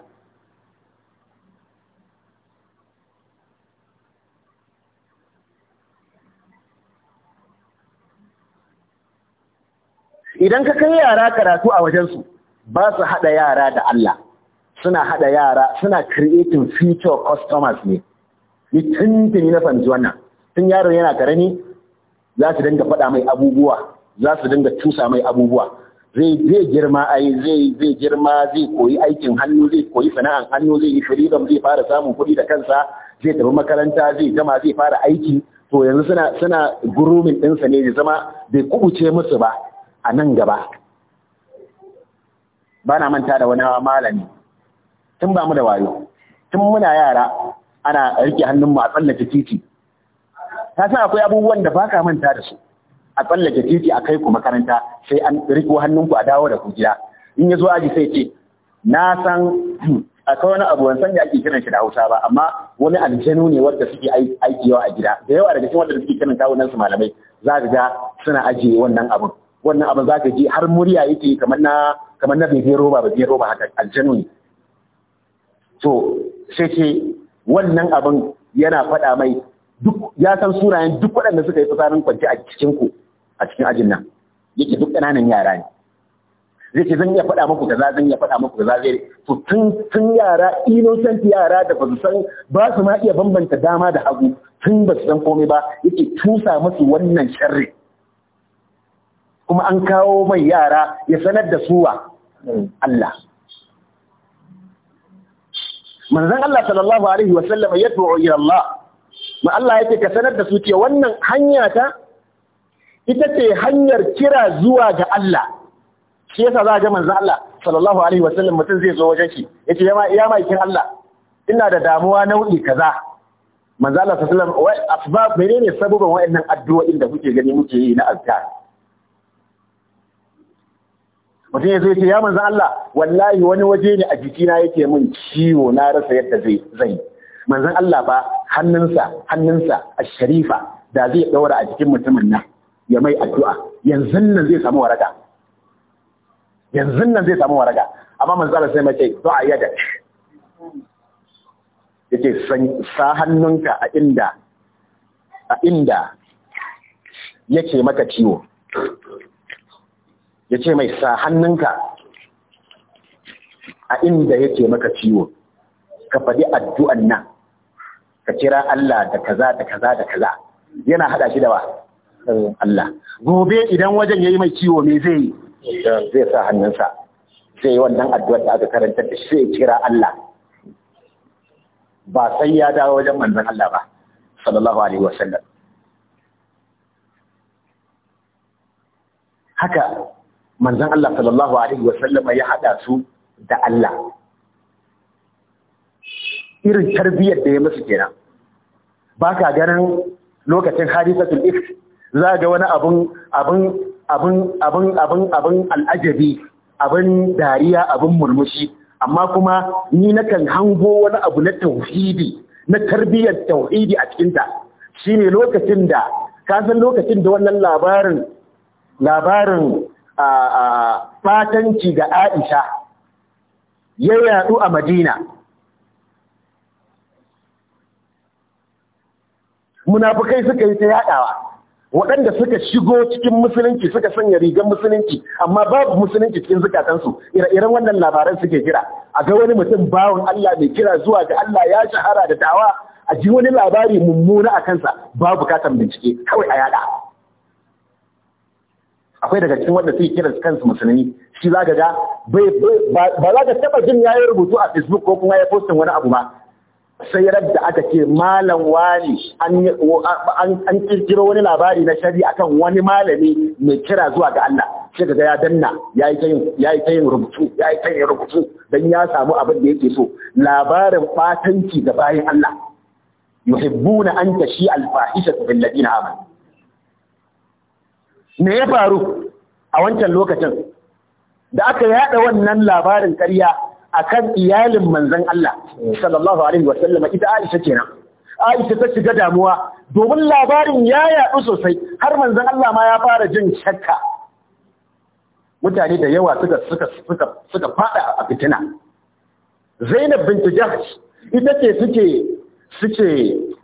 idan ka kai yara karatu a wajensu ba su haɗa yara da Allah suna haɗa yara suna creating future customers ne ni tuntuni na fahimci wannan tun yaron yana karami za su dinga faɗa mai abubuwa za su dinga tusa mai abubuwa zai zai girma ai zai zai girma zai koyi aikin hannu zai koyi sana'an hannu zai yi freedom zai fara samun kuɗi da kansa zai tafi makaranta zai gama zai fara aiki to yanzu suna suna grooming ɗinsa ne zai zama bai kubuce musu ba a nan gaba ba na manta da wani malami tun ba mu da wayo tun muna yara ana rike hannunmu a tsallake titi ta sa akwai abubuwan da ba ka manta da su a tsallake titi a kai ku makaranta sai an riko hannunku a dawo da ku gida in ya zo aji sai ce na san akwai wani abu wani sanya ake kiran shi da Hausa ba amma wani aljanu ne wanda suke aiki yawa a gida da yawa daga cikin wanda suke kiran kawunan su malamai za ka ga suna ajiye wannan abun wannan abin za ka ji har murya yake kamar na kamar na bebe roba bebe roba haka aljanu ne to sai ce wannan abin yana faɗa mai duk ya san sunayen duk waɗanda suka yi fitsarin kwanci a cikin ku a cikin ajin nan yake duk ƙananan yara ne zai ce zan iya faɗa muku za zan iya faɗa muku za zai to tun tun yara innocent yara da ba su san ba su ma iya bambanta dama da hagu tun ba su san komai ba yake tusa musu wannan sharri kuma an kawo mai yara ya sanar da suwa hmm. Allah manzon Allah sallallahu alaihi wa sallam ya du'o ila Allah ma Allah yake ka sanar da su ce wannan hanya ta ita ce hanyar kira zuwa ga Allah shi yasa za ga manzan Allah sallallahu alaihi wa sallam mutum zai zo wajen shi ya ce ya ma kin Allah ina da damuwa nau'i kaza manzon Allah sallallahu alaihi wa sallam asbab menene sababan wa'annan addu'o'in da kuke gani muke yi na azkar mutum ya zo ce ya manzan Allah wallahi wani waje ne a jikina yake mun ciwo na rasa yadda zai zai manzan Allah ba hannunsa hannunsa a sharifa da zai daura a jikin mutumin nan ya mai addu'a yanzu nan zai samu waraka yanzu nan zai samu waraka amma manzan Allah sai mace yada san sa hannunka a inda a inda yake maka ciwo ya ce mai sa hannunka a inda yake maka ciwo ka faɗi addu'an nan ka kira Allah da kaza da kaza da kaza yana haɗa shi da wa Allah gobe idan wajen ya yi mai ciwo me zai yi zai sa hannunsa Zai yi wannan addu'ar da aka karanta da shi sai kira Allah ba sai ya dawo wajen manzon Allah ba sallallahu alaihi wasallam haka manzon Allah sallallahu alaihi wa ya haɗa su da Allah irin tarbiyyar da ya musu kenan ba ka ganin lokacin hadisatul ifk za ga wani abun abun abun abun abun abun al'ajabi abun dariya abun murmushi amma kuma ni nakan hango wani abu na tauhidi na tarbiyyar tauhidi a cikinta shine lokacin da ka san lokacin da wannan labarin labarin fatanci ga Aisha ya yadu a Madina munafukai suka yi ta yadawa waɗanda suka shigo cikin musulunci suka sanya rigar musulunci amma babu musulunci cikin zukatansu ire-iren wannan labaran suke kira a ga wani mutum bawon Allah mai kira zuwa ga Allah ya shahara da dawa a ji wani labari mummuna a kansa babu bukatan bincike kawai a yada akwai daga cikin wanda suke kira kansu musulmi shi za ga bai ba za ka taba jin yayin rubutu a Facebook ko kuma ya postin wani abu ba sai da aka ce malam wani an kirkiro wani labari na shari'a akan wani malami mai kira zuwa ga Allah sai ga ya danna yayi kai yayi ta rubutu yayi kai rubutu dan ya samu abin da yake so labarin batanci da bayin Allah yuhibbuna an tashi al-fahisha bil ladina amanu me ya faru a wancan lokacin da aka yada wannan labarin ƙarya kan iyalin manzan Allah sallallahu alaihi wa sallama ita Aisha kenan Aisha ta shiga damuwa domin labarin ya yaɗu sosai har manzan Allah ma ya fara jin shakka mutane da yawa suka suka fada a fitina Zainab bint Jahsh ita ce suke suke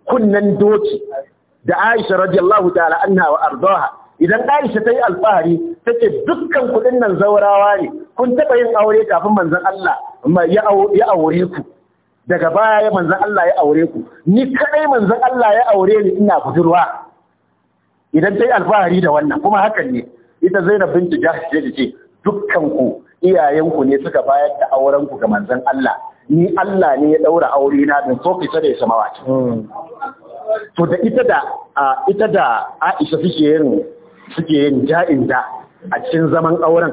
kunnan doki da Aisha radiyallahu ta'ala anha wa ardaha idan Aisha ta yi alfahari ta ce dukkan kuɗin nan zaurawa ne kun taɓa yin aure kafin manzan Allah ya aure ku daga baya ya manzan Allah ya aure ku ni kadai manzon Allah ya aure ni ina budurwa idan ta yi alfahari da wannan kuma hakan ne ita Zainab binti Jahsh ce ce dukkan ku iyayenku ne suka bayar da auren ku ga manzan Allah ni Allah ne ya daura aure na don so fita da samawa hmm. to da ita da ita da Aisha suke yin suke yin ja'in da a cikin zaman auren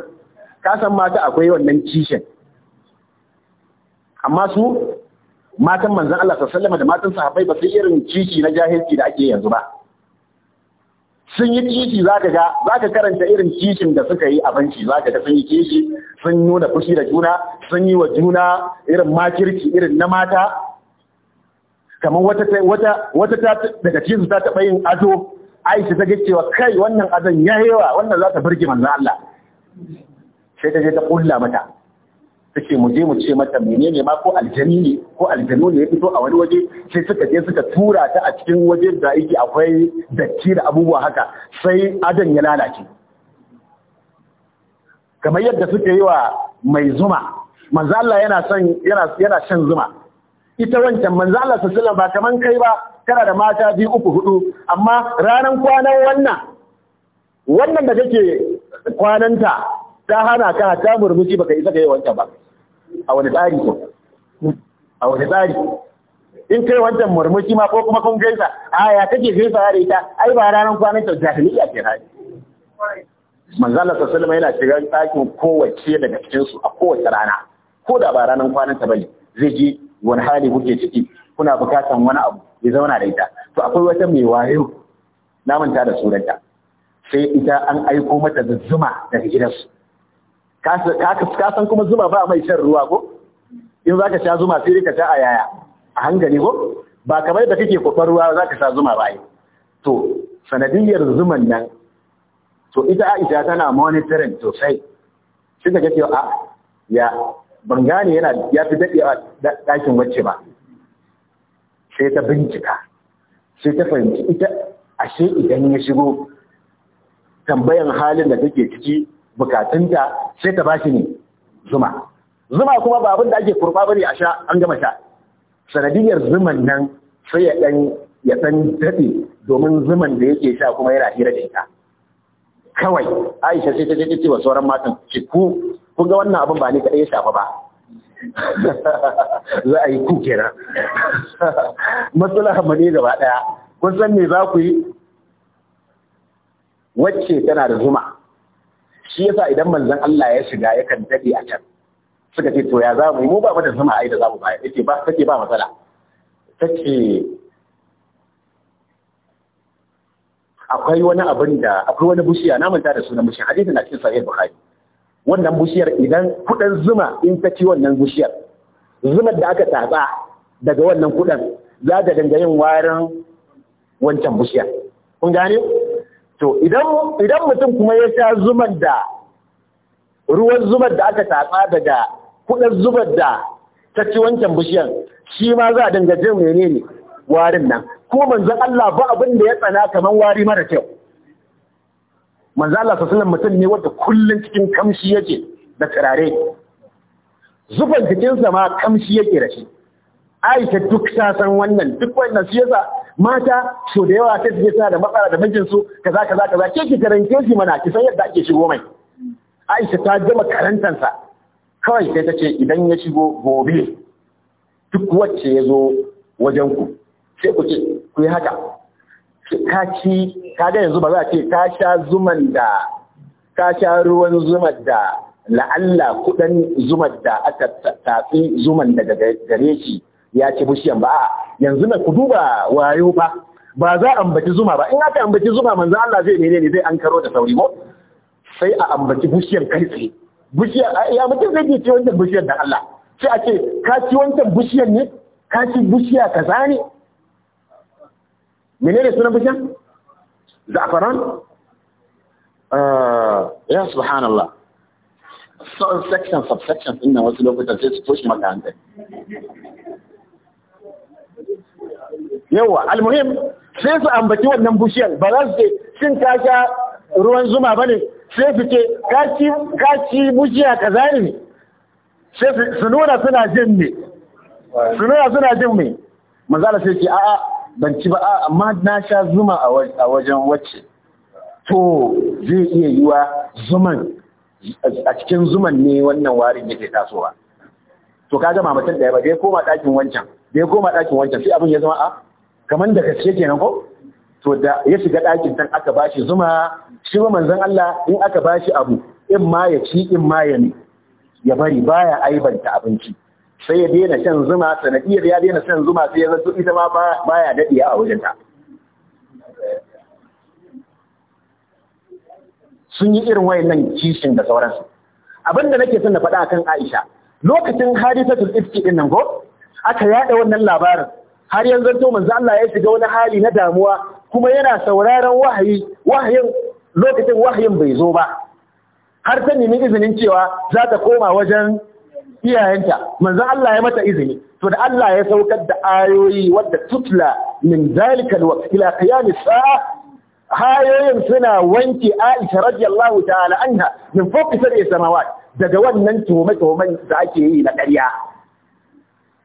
kasan mata akwai wannan kishin amma su matan manzan Allah sallama da matan sahabbai ba su irin kishi na jahilci da ake yanzu ba sun yi kishi zaka ga zaka karanta irin kishin da suka yi a za zaka ga sun yi kishi sun nuna fushi da juna sun yi wa juna irin makirci irin na mata kamar wata wata daga cikin ta taba yin ado Aisha ta ga cewa kai wannan azan ya yawa wannan za ta birge manzan Allah sai ta je ta kulla mata Ta ce mu je mu ce mata menene ma ko aljani ne ko aljanu ne ya fito a wani waje sai suka je suka tura ta a cikin waje da yake akwai datti da abubuwa haka sai adan ya lalace kamar yadda suka yi wa mai zuma manzan Allah yana shan zuma ita wancan manzo Allah sallallahu ba kaman kai ba kana da mata biyu uku hudu amma ranan kwanan wannan wannan da kake kwananta ta hana ka ta murmushi baka isa kai wancan ba a wani tsari ko a wani tsari in kai wancan murmushi ma ko kuma kun gaisa a ya kake gaisa da ita ai ba ranan kwanan ta jahiliya ke hali manzo Allah sallallahu alaihi yana shiga ɗakin kowace daga cikin su a kowace rana ko da ba ranan kwanan ta bane zai je wani hali kuke ciki kuna bukatan wani abu ya zauna da ita to akwai wata mai wayo na manta da suranta sai ita an aiko mata da zuma daga gidansu ka san kuma zuma ba mai shan ruwa ko in za sha zuma sai ka sha a yaya a hangali ko ba kamar da kake kwakwar ruwa za sha zuma ba to sanadiyar zuman nan to ita aisha tana monitoring sosai sai ka ga cewa ah, ya ban gane yana ya fi daɗewa ɗakin wacce ba sai ta bincika sai ta fahimci ita ashe idan ya shigo tambayan halin da take ciki bukatunta sai ta ba shi ne zuma zuma kuma ba abin da ake kurba bane a sha an gama sha sanadiyar zuman nan sai ya ɗan ya ɗan daɗe domin zuman da yake sha kuma yana hira da ita kawai Aisha sai ta je ce wa sauran matan ciku kun ga wannan abin ba ne kaɗai ya shafa ba za a yi ku kenan matsala mu ne gaba ɗaya kun san me za ku yi wacce tana da zuma shi yasa idan manzon Allah ya shiga yakan daɗe a can suka ce to ya za mu yi mu ba mata da a yi da za mu bayar yake ba take ba matsala take akwai wani abin da akwai wani bushiya na manta da sunan bushiya hadisi na cikin sahih bukhari wannan bushiyar idan kudin zuma in ta ci wannan bushiyar zumar da aka tatsa daga wannan kudin za ta dinga yin warin wancan bushiyar kun gane to idan idan mutum kuma ya sha zumar da ruwan zumar da aka tatsa daga kudin zumar da ta ci wancan bushiyar shi ma za a dinga jin menene warin nan ko manzon Allah ba abin da ya tsana kaman wari mara kyau manzo Allah sallallahu mutum ne wanda kullun cikin kamshi yake da tsirare. zuban jikinsa ma kamshi yake da shi Aisha duk ta san wannan duk wannan shi yasa mata so da yawa ta je tana da matsala da mijin su kaza kaza kaza ke ki karanke shi mana ki san yadda ake shigo mai Aisha ta gama sa kawai sai ta ce idan ya shigo gobe duk wacce ya zo wajen ku sai ku ce ku yi haka ka ci kaga yanzu ba za a ce ta sha zuman da ta sha ruwan zuman da la'alla kudan zuman da aka tafi zuman daga gare shi ya ci bushiyan ba yanzu na ku duba wayo ba ba za a ambaci zuma ba in aka ambaci zuma manzo Allah zai menene zai an karo da sauri ko sai a ambaci bushiyan kai tsaye bishiyar ya mutum zai ji ci wancan bishiyar da Allah sai a ce ka ci wancan bishiyar ne ka ci bishiya kaza ne من اين يسمونه بجن زعفران آه، يا سبحان الله سؤال سكشن سب سكشن فينا وصلوا في تزيز فوش مكان ده يوه المهم سيسو أنبتي ونبوشيان بغزة سنكاشا روانزوما بني سيسو كي كاشي كاشي بوشيا كذاني سيسو سنونا سنة جمي سنونا سنة جمي مزالة سيسو آآ آه. آه. ban ci ba amma na sha zuma a wajen wacce to zai iya yiwa zuman a cikin zuman ne wannan warin yake tasowa to kaga mutum da ya ba da koma ɗakin wancan da koma ɗakin wancan sai abin ya zama a kamar da gaske kenan ko to da ya shiga ɗakin tan aka bashi zuma shi ba manzon Allah in aka bashi abu in ma ya ci in ma ya ne ya bari baya aibanta abinci sai ya daina shan zuma sanadiyar ya daina shan zuma sai ya zato ita ma baya daɗiya a wajenta sun yi irin wayannan kishin da sauransu abin da nake son na faɗa akan Aisha lokacin hadisatul ifki din nan ko aka yada wannan labarin har yanzu to manzo Allah ya shiga wani hali na damuwa kuma yana sauraron wahayi wahayin lokacin wahayin bai zo ba har ta nemi izinin cewa za ta koma wajen iyayenta manzon Allah ya mata izini to da Allah ya saukar da ayoyi wadda tutla min zalikal waqt ila qiyam sa'a hayoyin suna wanke Aisha radiyallahu ta'ala anha min fawqi sab'i samawat daga wannan tuhume-tuhumen da ake yi na ƙarya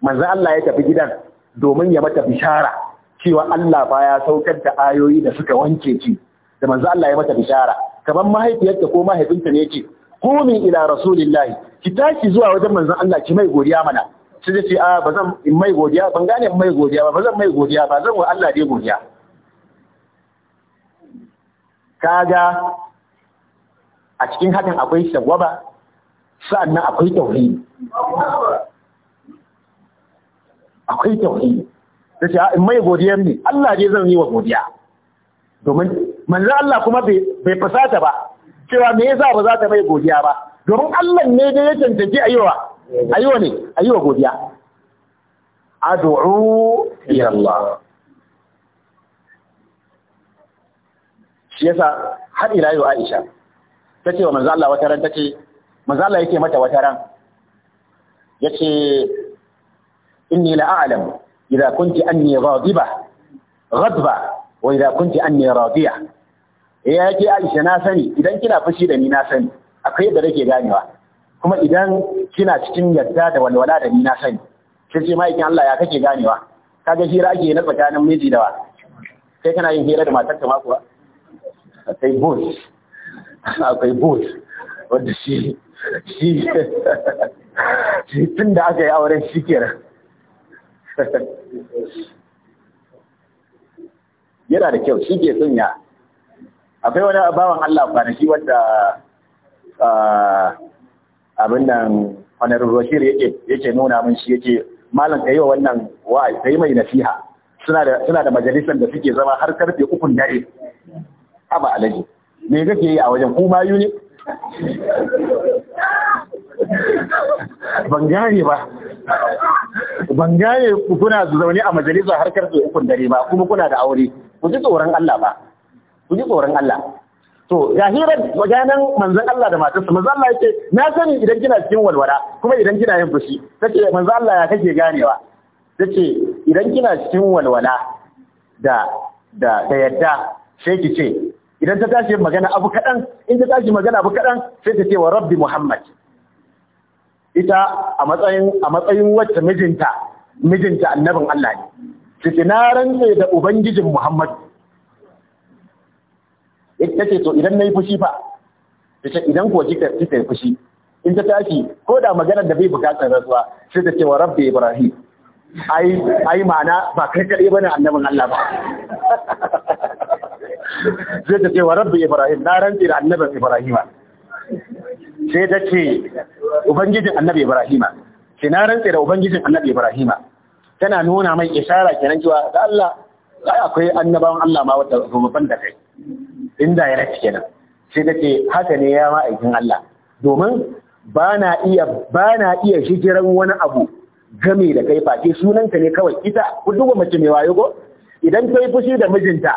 manzon Allah ya tafi gidan domin ya mata bishara cewa Allah ba ya saukar da ayoyi da suka wanke ki da manzon Allah ya mata bishara kamar mahaifiyarta ko mahaifinta ne ce qumi ila rasulillahi ki tashi zuwa wajen manzon Allah ki mai godiya mana sai ce a ba zan in mai godiya ban gane in mai godiya ba bazan mai godiya ba zan wa Allah dai godiya kaga a cikin hadin akwai shagwaba sa'annan akwai tauhidi akwai tauhidi sai a in mai godiya ne Allah dai zan yi wa godiya domin manzon Allah kuma bai fasata ba cewa me yasa ba za ta mai godiya ba domin Allah ne da ya cancanci ayyuwa ayyuwa ne ayyuwa godiya ad'u ila Allah shi yasa har ila yau Aisha tace wa manzo Allah wata ran tace manzo Allah yake mata wata ran yace inni la a'lamu idza kunti anni ghadiba ghadba wa idza kunti anni radiya Eh, ya ke Aisha na sani idan kina fushi da ni na sani akwai yadda nake ganewa kuma idan kina cikin yadda da walwala da ni na sani sai ce ma'aikin Allah ya kake ganewa kaga hira ake na tsakanin miji da wa kai kana yin hira da matar ka makuwa akwai bus akwai bus wanda shi shi shi tun da aka yi auren shi kenan yana da kyau shi ke sun ya akwai wani bawan Allah kwanaki wanda abin nan kwanar roshir yake nuna mun shi yake malam yi wa wannan wa'azi kai mai nasiha suna da da majalisar da suke zama har karfe ukun dare aba alaji me kake yi a wajen kuma yi ne ban gane ba ban gane kuna zaune a majalisar har karfe ukun dare ba kuma kuna da aure ku ji tsoron Allah ba ku ji tsoron Allah to ya hirar wajenan manzan Allah da matarsa manzan Allah yake na sani idan kina cikin walwala kuma idan kina yin fushi ce manzan Allah ya kake ganewa ce idan kina cikin walwala da da yadda sai ki ce idan ta tashi magana abu kaɗan in ta tashi magana abu kaɗan sai ta ce wa rabbi muhammad ita a matsayin a matsayin wacce mijinta mijinta annabin Allah ne sai na rantse da ubangijin muhammad ta ce to idan na yi fushi fa ta ce idan kuwa kika kika yi fushi in ta tashi ko da maganar da bai bukatar rasuwa sai ta ce wa rabbi ibrahim ai ai ma'ana ba kai ba bane annabin Allah ba sai ta ce wa rabbi ibrahim na rantsi da annabin ibrahim sai ta ce ubangijin annabi ibrahim sai na rantsi da ubangijin annabi ibrahim tana nuna mai isara kenan cewa da Allah akwai annabawan Allah ma wata zo da kai indirect kenan sai ta ce haka ne ya ma'aikin Allah domin ba na iya ba wani abu game da kai face sunanka ne kawai ita ku duba mace mai wayo ko idan ta fushi da mijinta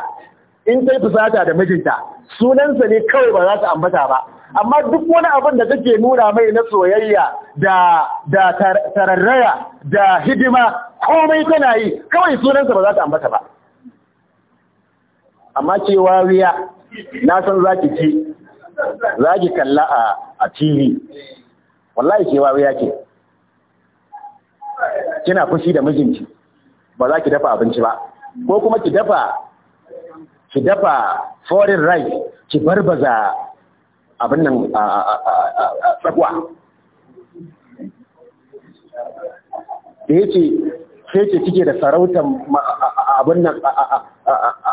in ta fusata da mijinta sunansa ne kawai ba za ta ambata ba amma duk wani abin da kake nuna mai na soyayya da da tararraya da hidima komai tana yi kawai sunansa ba za ta ambata ba amma cewa riya na san za ki ci za ki kalla a TV wallahi ke wawe yake kina fushi da mijinci ba za ki dafa abinci ba ko kuma ki dafa ki dafa foreign rice ki barbaza abin nan tsakwa da yake ce kike da sarautan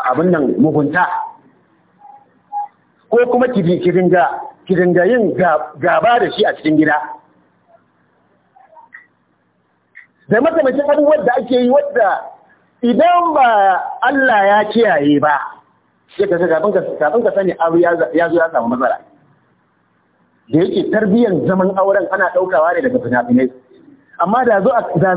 abin nan mugunta ko kuma ki yin gaba da shi a cikin gida da matamacin abubuwan da ake yi wadda idan ba Allah ya kiyaye ba sai ka kafin ka sani abu ya zo ya samu matsala da yake tarbiyyar zaman auren ana ɗaukawa ne daga fina amma da za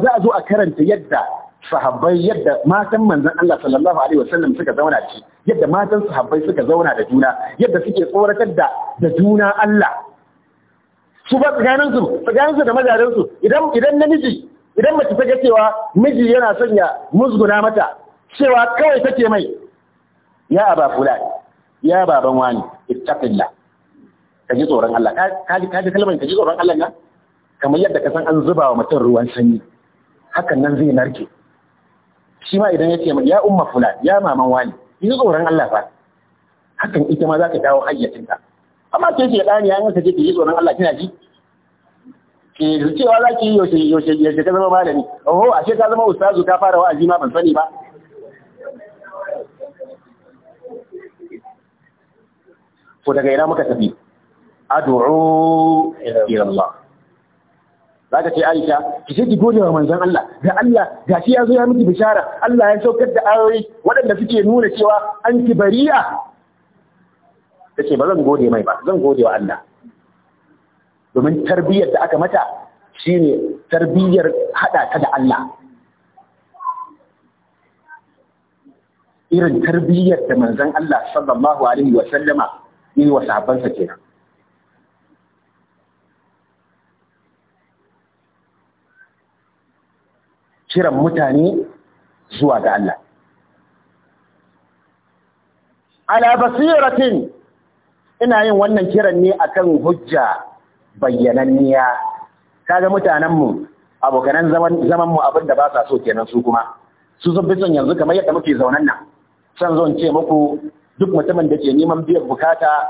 a zo a karanta yadda sahabbai yadda matan manzon Allah sallallahu alaihi wasallam suka zauna ci yadda matan sahabbai suka zauna da juna yadda suke tsoratar da da juna Allah su ba tsakanin su tsakanin su da mazajen su idan idan namiji idan mace ta ga cewa miji yana son ya musguna mata cewa kawai take mai ya aba fulani ya baban wani ittaqilla. ka ji tsoron Allah ka ji kalmar ka ji tsoron Allah na kamar yadda ka san an zuba wa mutum ruwan sanyi hakan nan zai narke shi ma idan ya ce ya umma fula ya maman wani yi tsoron Allah fa hakan ita ma za ka dawo hayyacinta amma ke ce ɗani ya yanka ce yi tsoron Allah kina ji ke cewa za ki yaushe yaushe yaushe ka zama malami oho a ka zama ustazu ka fara wa'azi ma ban sani ba Ko daga ina muka tafi ad'u ila Allah zaka ce Aisha ki ce ki gode wa manzon Allah ga Allah ga shi ya zo ya miki bishara Allah ya saukar da ayoyi waɗanda suke nuna cewa an ki bari'a ba zan gode mai ba zan gode wa Allah domin tarbiyyar da aka mata shine tarbiyyar hada ta da Allah irin tarbiyyar da manzon Allah sallallahu alaihi wa sallama yi wa sahabbansa kenan kiran mutane zuwa ga Allah ala basiratin ina yin wannan kiran ne akan hujja bayyananniya kaga mutanenmu abokanan zamanmu mu da ba sa so kenan su kuma su sun fi son yanzu kamar yadda muke zaunan nan san zon ce muku duk mutumin da ke neman biyan bukata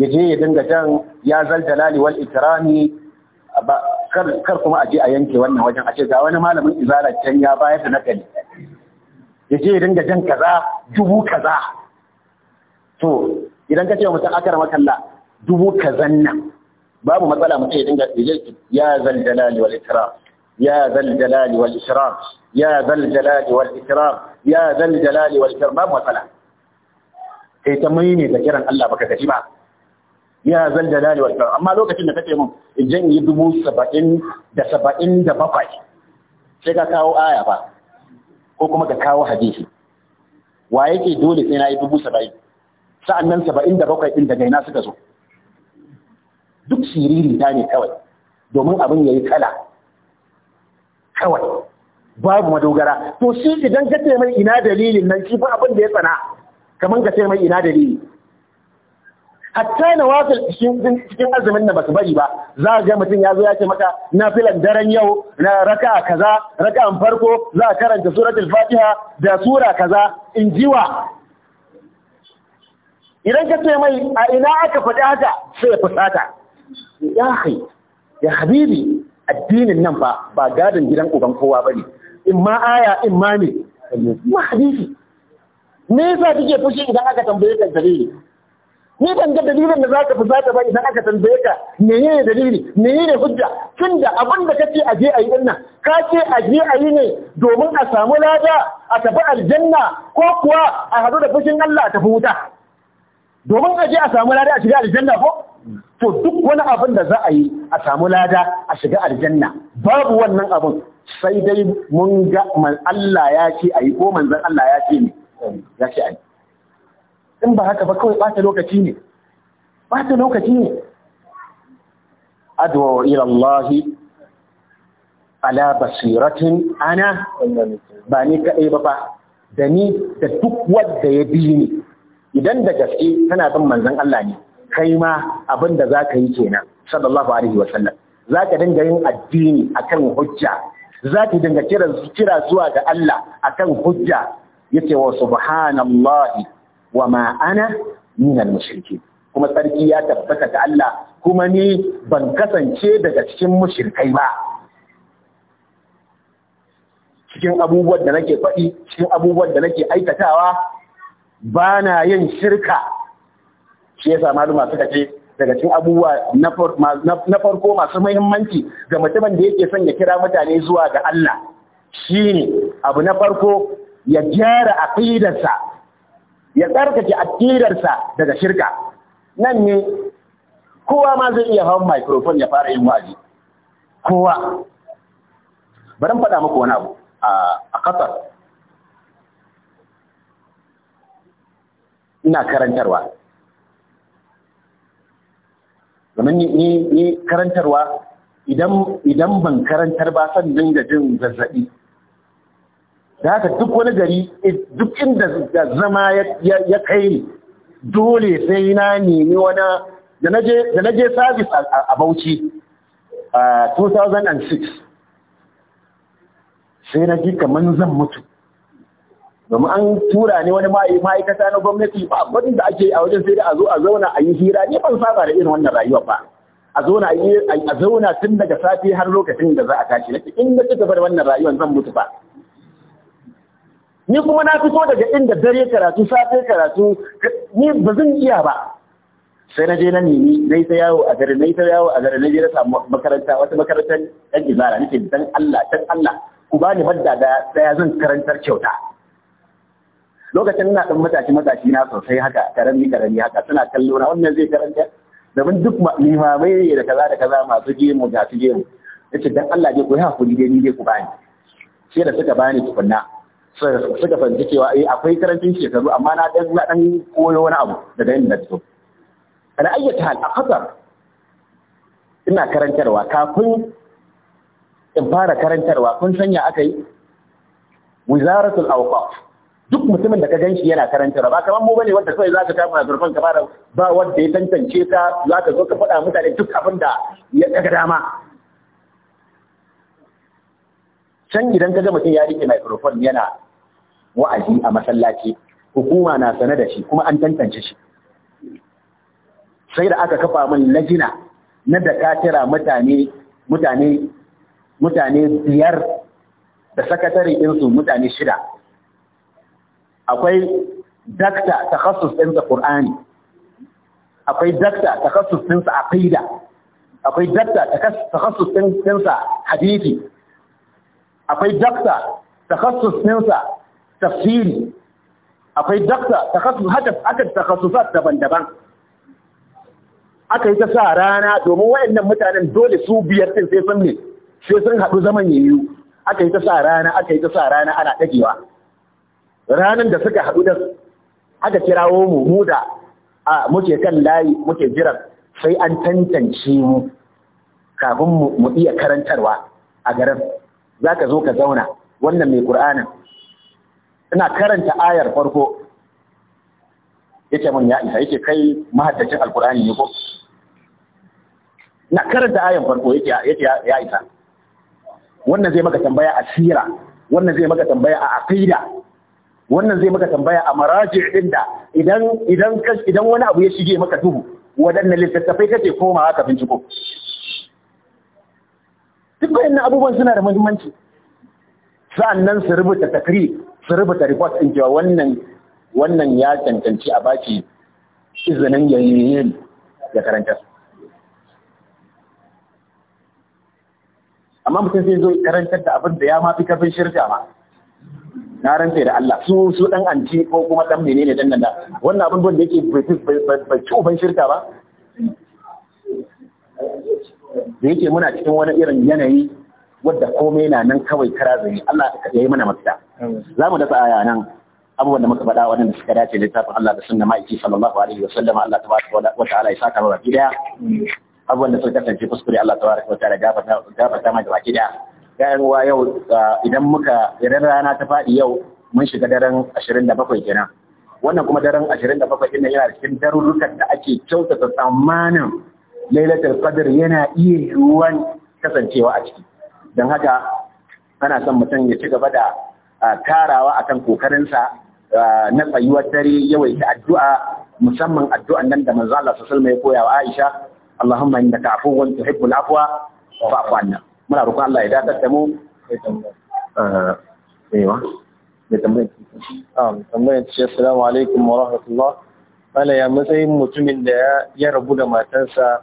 ya je ya dinga can, ya zal jalali wal kar kuma a je a yanke wannan wajen a ce ga wani malamin izala can ya bayar da nakali ya je ya dinga jan kaza dubu kaza to idan ka ce wa mutum akara makalla dubu kazan nan babu matsala mutum ya dinga ya zal dalali wal ikram ya zal dalali wal ikram ya zal dalali wal ikram ya zal dalali wal ikram babu matsala kai ta mai ne da kiran Allah baka gaji ba ya zal jalali wal ikram amma lokacin da kake mun idan yi dubu saba'in da saba'in da bakwai sai ka kawo aya ba ko kuma ka kawo hadisi wa yake dole sai na yi dubu saba'in nan saba'in da bakwai ɗin daga ina suka zo duk siriri ta ne kawai domin abin ya yi kala kawai babu madogara to shi idan ka ce mai ina dalilin nan shi ba abin da ya tsana kamar ka ce mai ina dalili hatta na wafil cikin azumin da basu bari ba za ga mutum ya zo ya ce maka na filan daren yau na raka kaza raka an farko za a karanta suratul fatiha da sura kaza in jiwa idan ka ce mai a ina aka faɗi haka sai ya fusata ya hai ya habibi addinin nan ba ba gadin gidan uban kowa bane in ma aya in ma ne ma habibi me yasa kike fushi idan aka tambaye ka dalili ni ban ga dalilin da za zaka ta ba idan aka tambaye ka menene dalili menene hujja tunda abin da kake a je a yi dinnan ka ce a je a yi ne domin a samu lada a tafi aljanna ko kuwa a hadu da fushin Allah a tafi wuta domin a je a samu lada a shiga aljanna ko to duk wani abin da za a yi a samu lada a shiga aljanna babu wannan abin sai dai mun ga Allah ya ce a yi ko manzon Allah ya ce ne ya ce a yi in ba haka ba kawai ɓata lokaci ne ɓata lokaci ne adwa ila ala basiratin ana ba ni kaɗai ba ba da ni da duk wanda ya bi ni idan da gaske tana bin manzon Allah ne kai ma abin da za ka yi kenan sallallahu alaihi wa sallam za ka dinga yin addini akan hujja za ka dinga kira zuwa ga Allah akan hujja yace wa subhanallahi wa ma'ana ana mashirki. kuma sarki ya tabbata ga Allah kuma ni ban kasance daga cikin mushrikai ba cikin abubuwan da nake faɗi cikin abubuwan da nake aikatawa ba na yin shirka shi yasa maluma suka ce daga cikin abubuwa na farko masu muhimmanci ga mutumin da yake son ya kira mutane zuwa ga Allah shine abu na farko ya gyara aqidarsa ya tsarkake akidarsa daga shirka nan ne kowa ma zai iya hawan microphone ya fara yin wa'azi kowa bari mu faɗa muku wani abu a ƙasar ina karantarwa domin ni karantarwa idan ban karantar ba san dinga jin zazzaɓi da haka duk wani gari eh, duk inda zama ya kai ni dole sai na nemi wani da na je sabis a bauchi a 2006 sai na ji kamar zan mutu domin an tura ne wani ma'aikata na gwamnati ba abin da ake a wajen sai da a zo a zauna a yi hira ne ban saba da irin wannan rayuwa ba a zauna a zauna tun daga safe har lokacin da za a tashi nake in na ci gaba da wannan rayuwa zan mutu ba ni kuma na fito daga inda dare karatu safe karatu ni ba zan iya ba sai na je na nemi na yi ta yawo a gari na yi ta yawo a gari na je na samu makaranta wata makarantar ɗan izara nake dan Allah dan Allah ku ba ni da daya zan karantar kyauta lokacin ina ɗan matashi matashi na sosai haka karami karami haka suna kallo na wannan zai karanta domin duk limamai ne da kaza da kaza masu mu ga su mu yace dan Allah dai ku ya hakuri dai ni dai ku bani sai da suka bani tukunna suka fahimci cewa eh akwai karancin shekaru amma na dan na koyo wani abu daga inda na fito ana ayyata hal a ina karantarwa kafin in fara karantarwa kun sanya aka yi wizaratul awqaf duk mutumin da ka ganshi yana karantarwa ba kamar mu bane wanda kai zaka kama zurfan ka fara ba wanda ya tantance ka zaka zo ka faɗa mutane duk abin da ya daga dama can idan ka ga mutum ya rike microphone yana wa'azi a masallaci hukuma na sane da shi kuma an tantance shi sai da aka kafa min lajina na da katira mutane mutane mutane biyar da sakatare ɗinsu mutane shida akwai dakta takhasus ɗinsa Qur'ani akwai dakta takhasus ɗinsa aqida akwai dakta takhasus ɗinsa hadisi akwai dakta takhasus ɗinsa tafsiri akwai dakta takassus haka aka daban-daban aka yi ta sa rana domin waɗannan mutanen dole su biyar ɗin sai sun ne sai sun haɗu zaman yayu aka yi ta sa rana aka yi ta sa rana ana ɗagewa ranan da suka haɗu ɗin, aka kirawo mu mu da muke kan layi muke jiran sai an tantance mu kafin mu iya karantarwa a garin za ka zo ka zauna wannan mai ƙur'anin ina karanta ayar farko yake mun ya isa yake kai mahaddacin alqur'ani ne ko ina karanta ayar farko yake yake ya isa wannan zai maka tambaya a sira wannan zai maka tambaya a aqida wannan zai maka tambaya a maraji din da idan idan idan wani abu ya shige maka duhu waɗanne littattafai kake komawa ka binciko duk wannan abubuwan suna da muhimmanci sa'annan su rubuta takrir su rubuta report ɗin cewa wannan wannan ya cancanci a baki izinin ya yi ya karanta amma mutum sai zo karanta da abin da ya ma fi karfin shirka ma na rantse da Allah su su dan anti ko kuma dan menene dan nan da wannan abin da yake bai ci uban shirka ba da yake muna cikin wani irin yanayi wadda komai na nan kawai kara zai Allah ya yi mana mafita za mu dafa aya nan abubuwan da muka faɗa waɗanda suka dace da littafin Allah da sunna ma'aiki sallallahu alaihi wa sallam Allah ta baka wa ta'ala ya saka ba baki daya abubuwan da suka kasance kuskure Allah baka wa ta'ala gafarta gafarta ma baki daya yayin wa yau idan muka idan rana ta faɗi yau mun shiga daren 27 kenan wannan kuma daren 27 din nan yana cikin darurrukan da ake kyautata tsammanin lailatul qadr yana iya yiwuwan kasancewa a ciki don haka ana son mutum ya ci gaba da karawa kan kokarinsa na tsayuwar dare yawaita addu'a musamman addu'an nan da manzo Allah sallallahu ya koya wa Aisha Allahumma innaka afuwun tuhibbul afwa fa'fu anna muna roƙon Allah ya dakatar da mu eh da tambayar ce assalamu alaikum wa rahmatullah bala ya matsayin mutumin da ya rabu da matarsa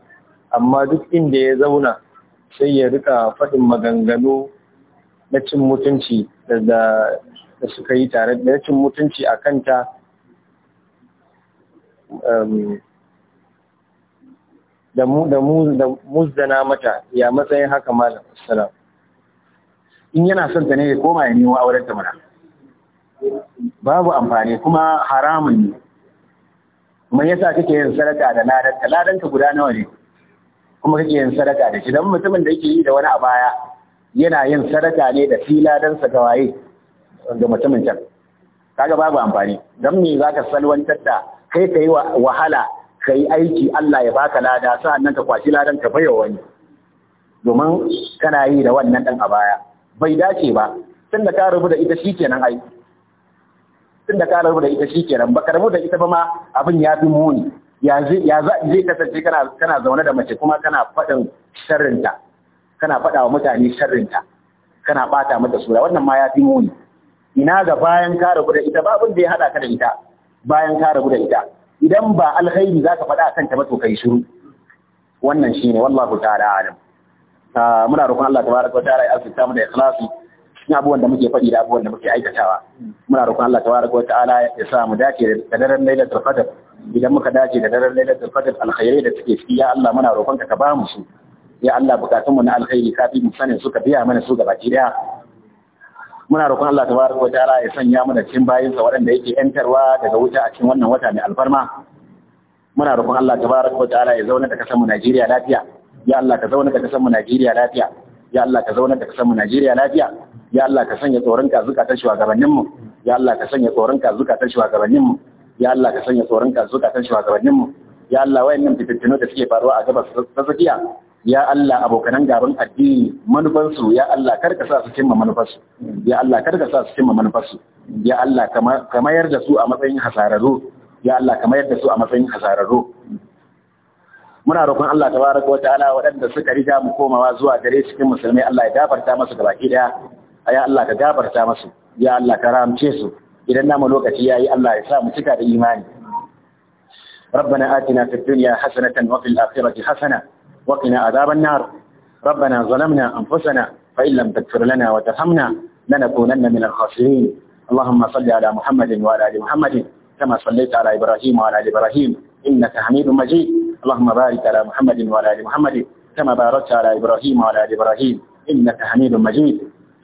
amma duk inda ya zauna sai ya rika faɗin maganganu na cin mutunci da suka yi tare da cin mutunci a kanta da muzdana mata ya matsayin haka malam salam in yana son ta ne ya koma ya nemo auren ta mana babu amfani kuma haramun ne kuma yasa kake yin sarata da ladan ladan ka guda nawa ne kuma kake yin sadaka da shi dan mutumin da yake yi da wani a baya yana yin sadaka ne da fila dan sa gawaye ga mutumin can kaga babu amfani dan me zaka salwantar da kai kai wahala kai aiki Allah ya baka lada nan ka kwashi ladan ka bayo wani domin kana yi da wannan dan a baya bai dace ba tunda ka rubu da ita shikenan ai tunda ka rubu da ita shikenan ba ka rubu da ita ba ma abin ya fi muni ya zai kasance kana zaune da mace kuma kana faɗin sharrinta kana faɗa wa mutane sharrinta kana ɓata mata sura wannan ma ya fi muni ina ga bayan ka rabu da ita babin da ya haɗa ka da ita bayan ka rabu da ita idan ba alkhairi za ka faɗa a kanta ba to kai shiru wannan shine wallahu ta'ala alam ah, muna roƙon Allah tabaraka wa ta'ala ya azurta mu da ikhlasi cikin abubuwan da muke faɗi da abubuwan da muke aikatawa muna roƙon Allah tabaraka wata'ala ya sa mu dace da daren lailatul qadr idan muka dace da daren lailatul qadr alkhairai da suke ciki ya Allah muna roƙon ka ka ba mu su ya Allah mu na alkhairi ka fi mu sanin suka biya mana su ki daya muna roƙon Allah tabaraka wata'ala ya sanya mana cikin bayinsa waɗanda yake yantarwa daga wuta a cikin wannan wata mai alfarma muna roƙon Allah tabaraka wata'ala ya zauna da kasar mu Najeriya lafiya ya Allah ka zauna da kasar mu Najeriya lafiya ya Allah ka zauna da kasar mu Najeriya lafiya ya Allah ka sanya tsoron ka zukatan shugabannin mu ya Allah ka sanya tsoron ka zukatan shugabannin mu ya Allah ka sanya tsoron ka zukatan shugabannin mu ya Allah wayannan fitintunu da suke faruwa a gabas ta tsakiya ya Allah abokanan gaban addini manufansu ya Allah kar ka sa su cimma su ya Allah kar ka sa su cimma su ya Allah ka mayar da su a matsayin hasararru ya Allah ka mayar da su a matsayin hasararru muna roƙon Allah tabaraka wa ta'ala waɗanda suka riga mu komawa zuwa gare cikin musulmai Allah ya gafarta masu gabaki daya ya Allah ka gafarta masu ya Allah ka ramce su idan namu lokaci yayi Allah ya sa mu cika da imani ربنا آتنا في الدنيا حسنة وفي الآخرة حسنة وقنا عذاب النار ربنا ظلمنا أنفسنا فإن لم تغفر لنا وترحمنا لنكونن من الخاسرين اللهم صل على محمد وعلى آل محمد كما صليت على إبراهيم وعلى آل إبراهيم إنك حميد مجيد اللهم بارك على محمد وعلى آل محمد كما باركت على إبراهيم وعلى آل إبراهيم إنك حميد مجيد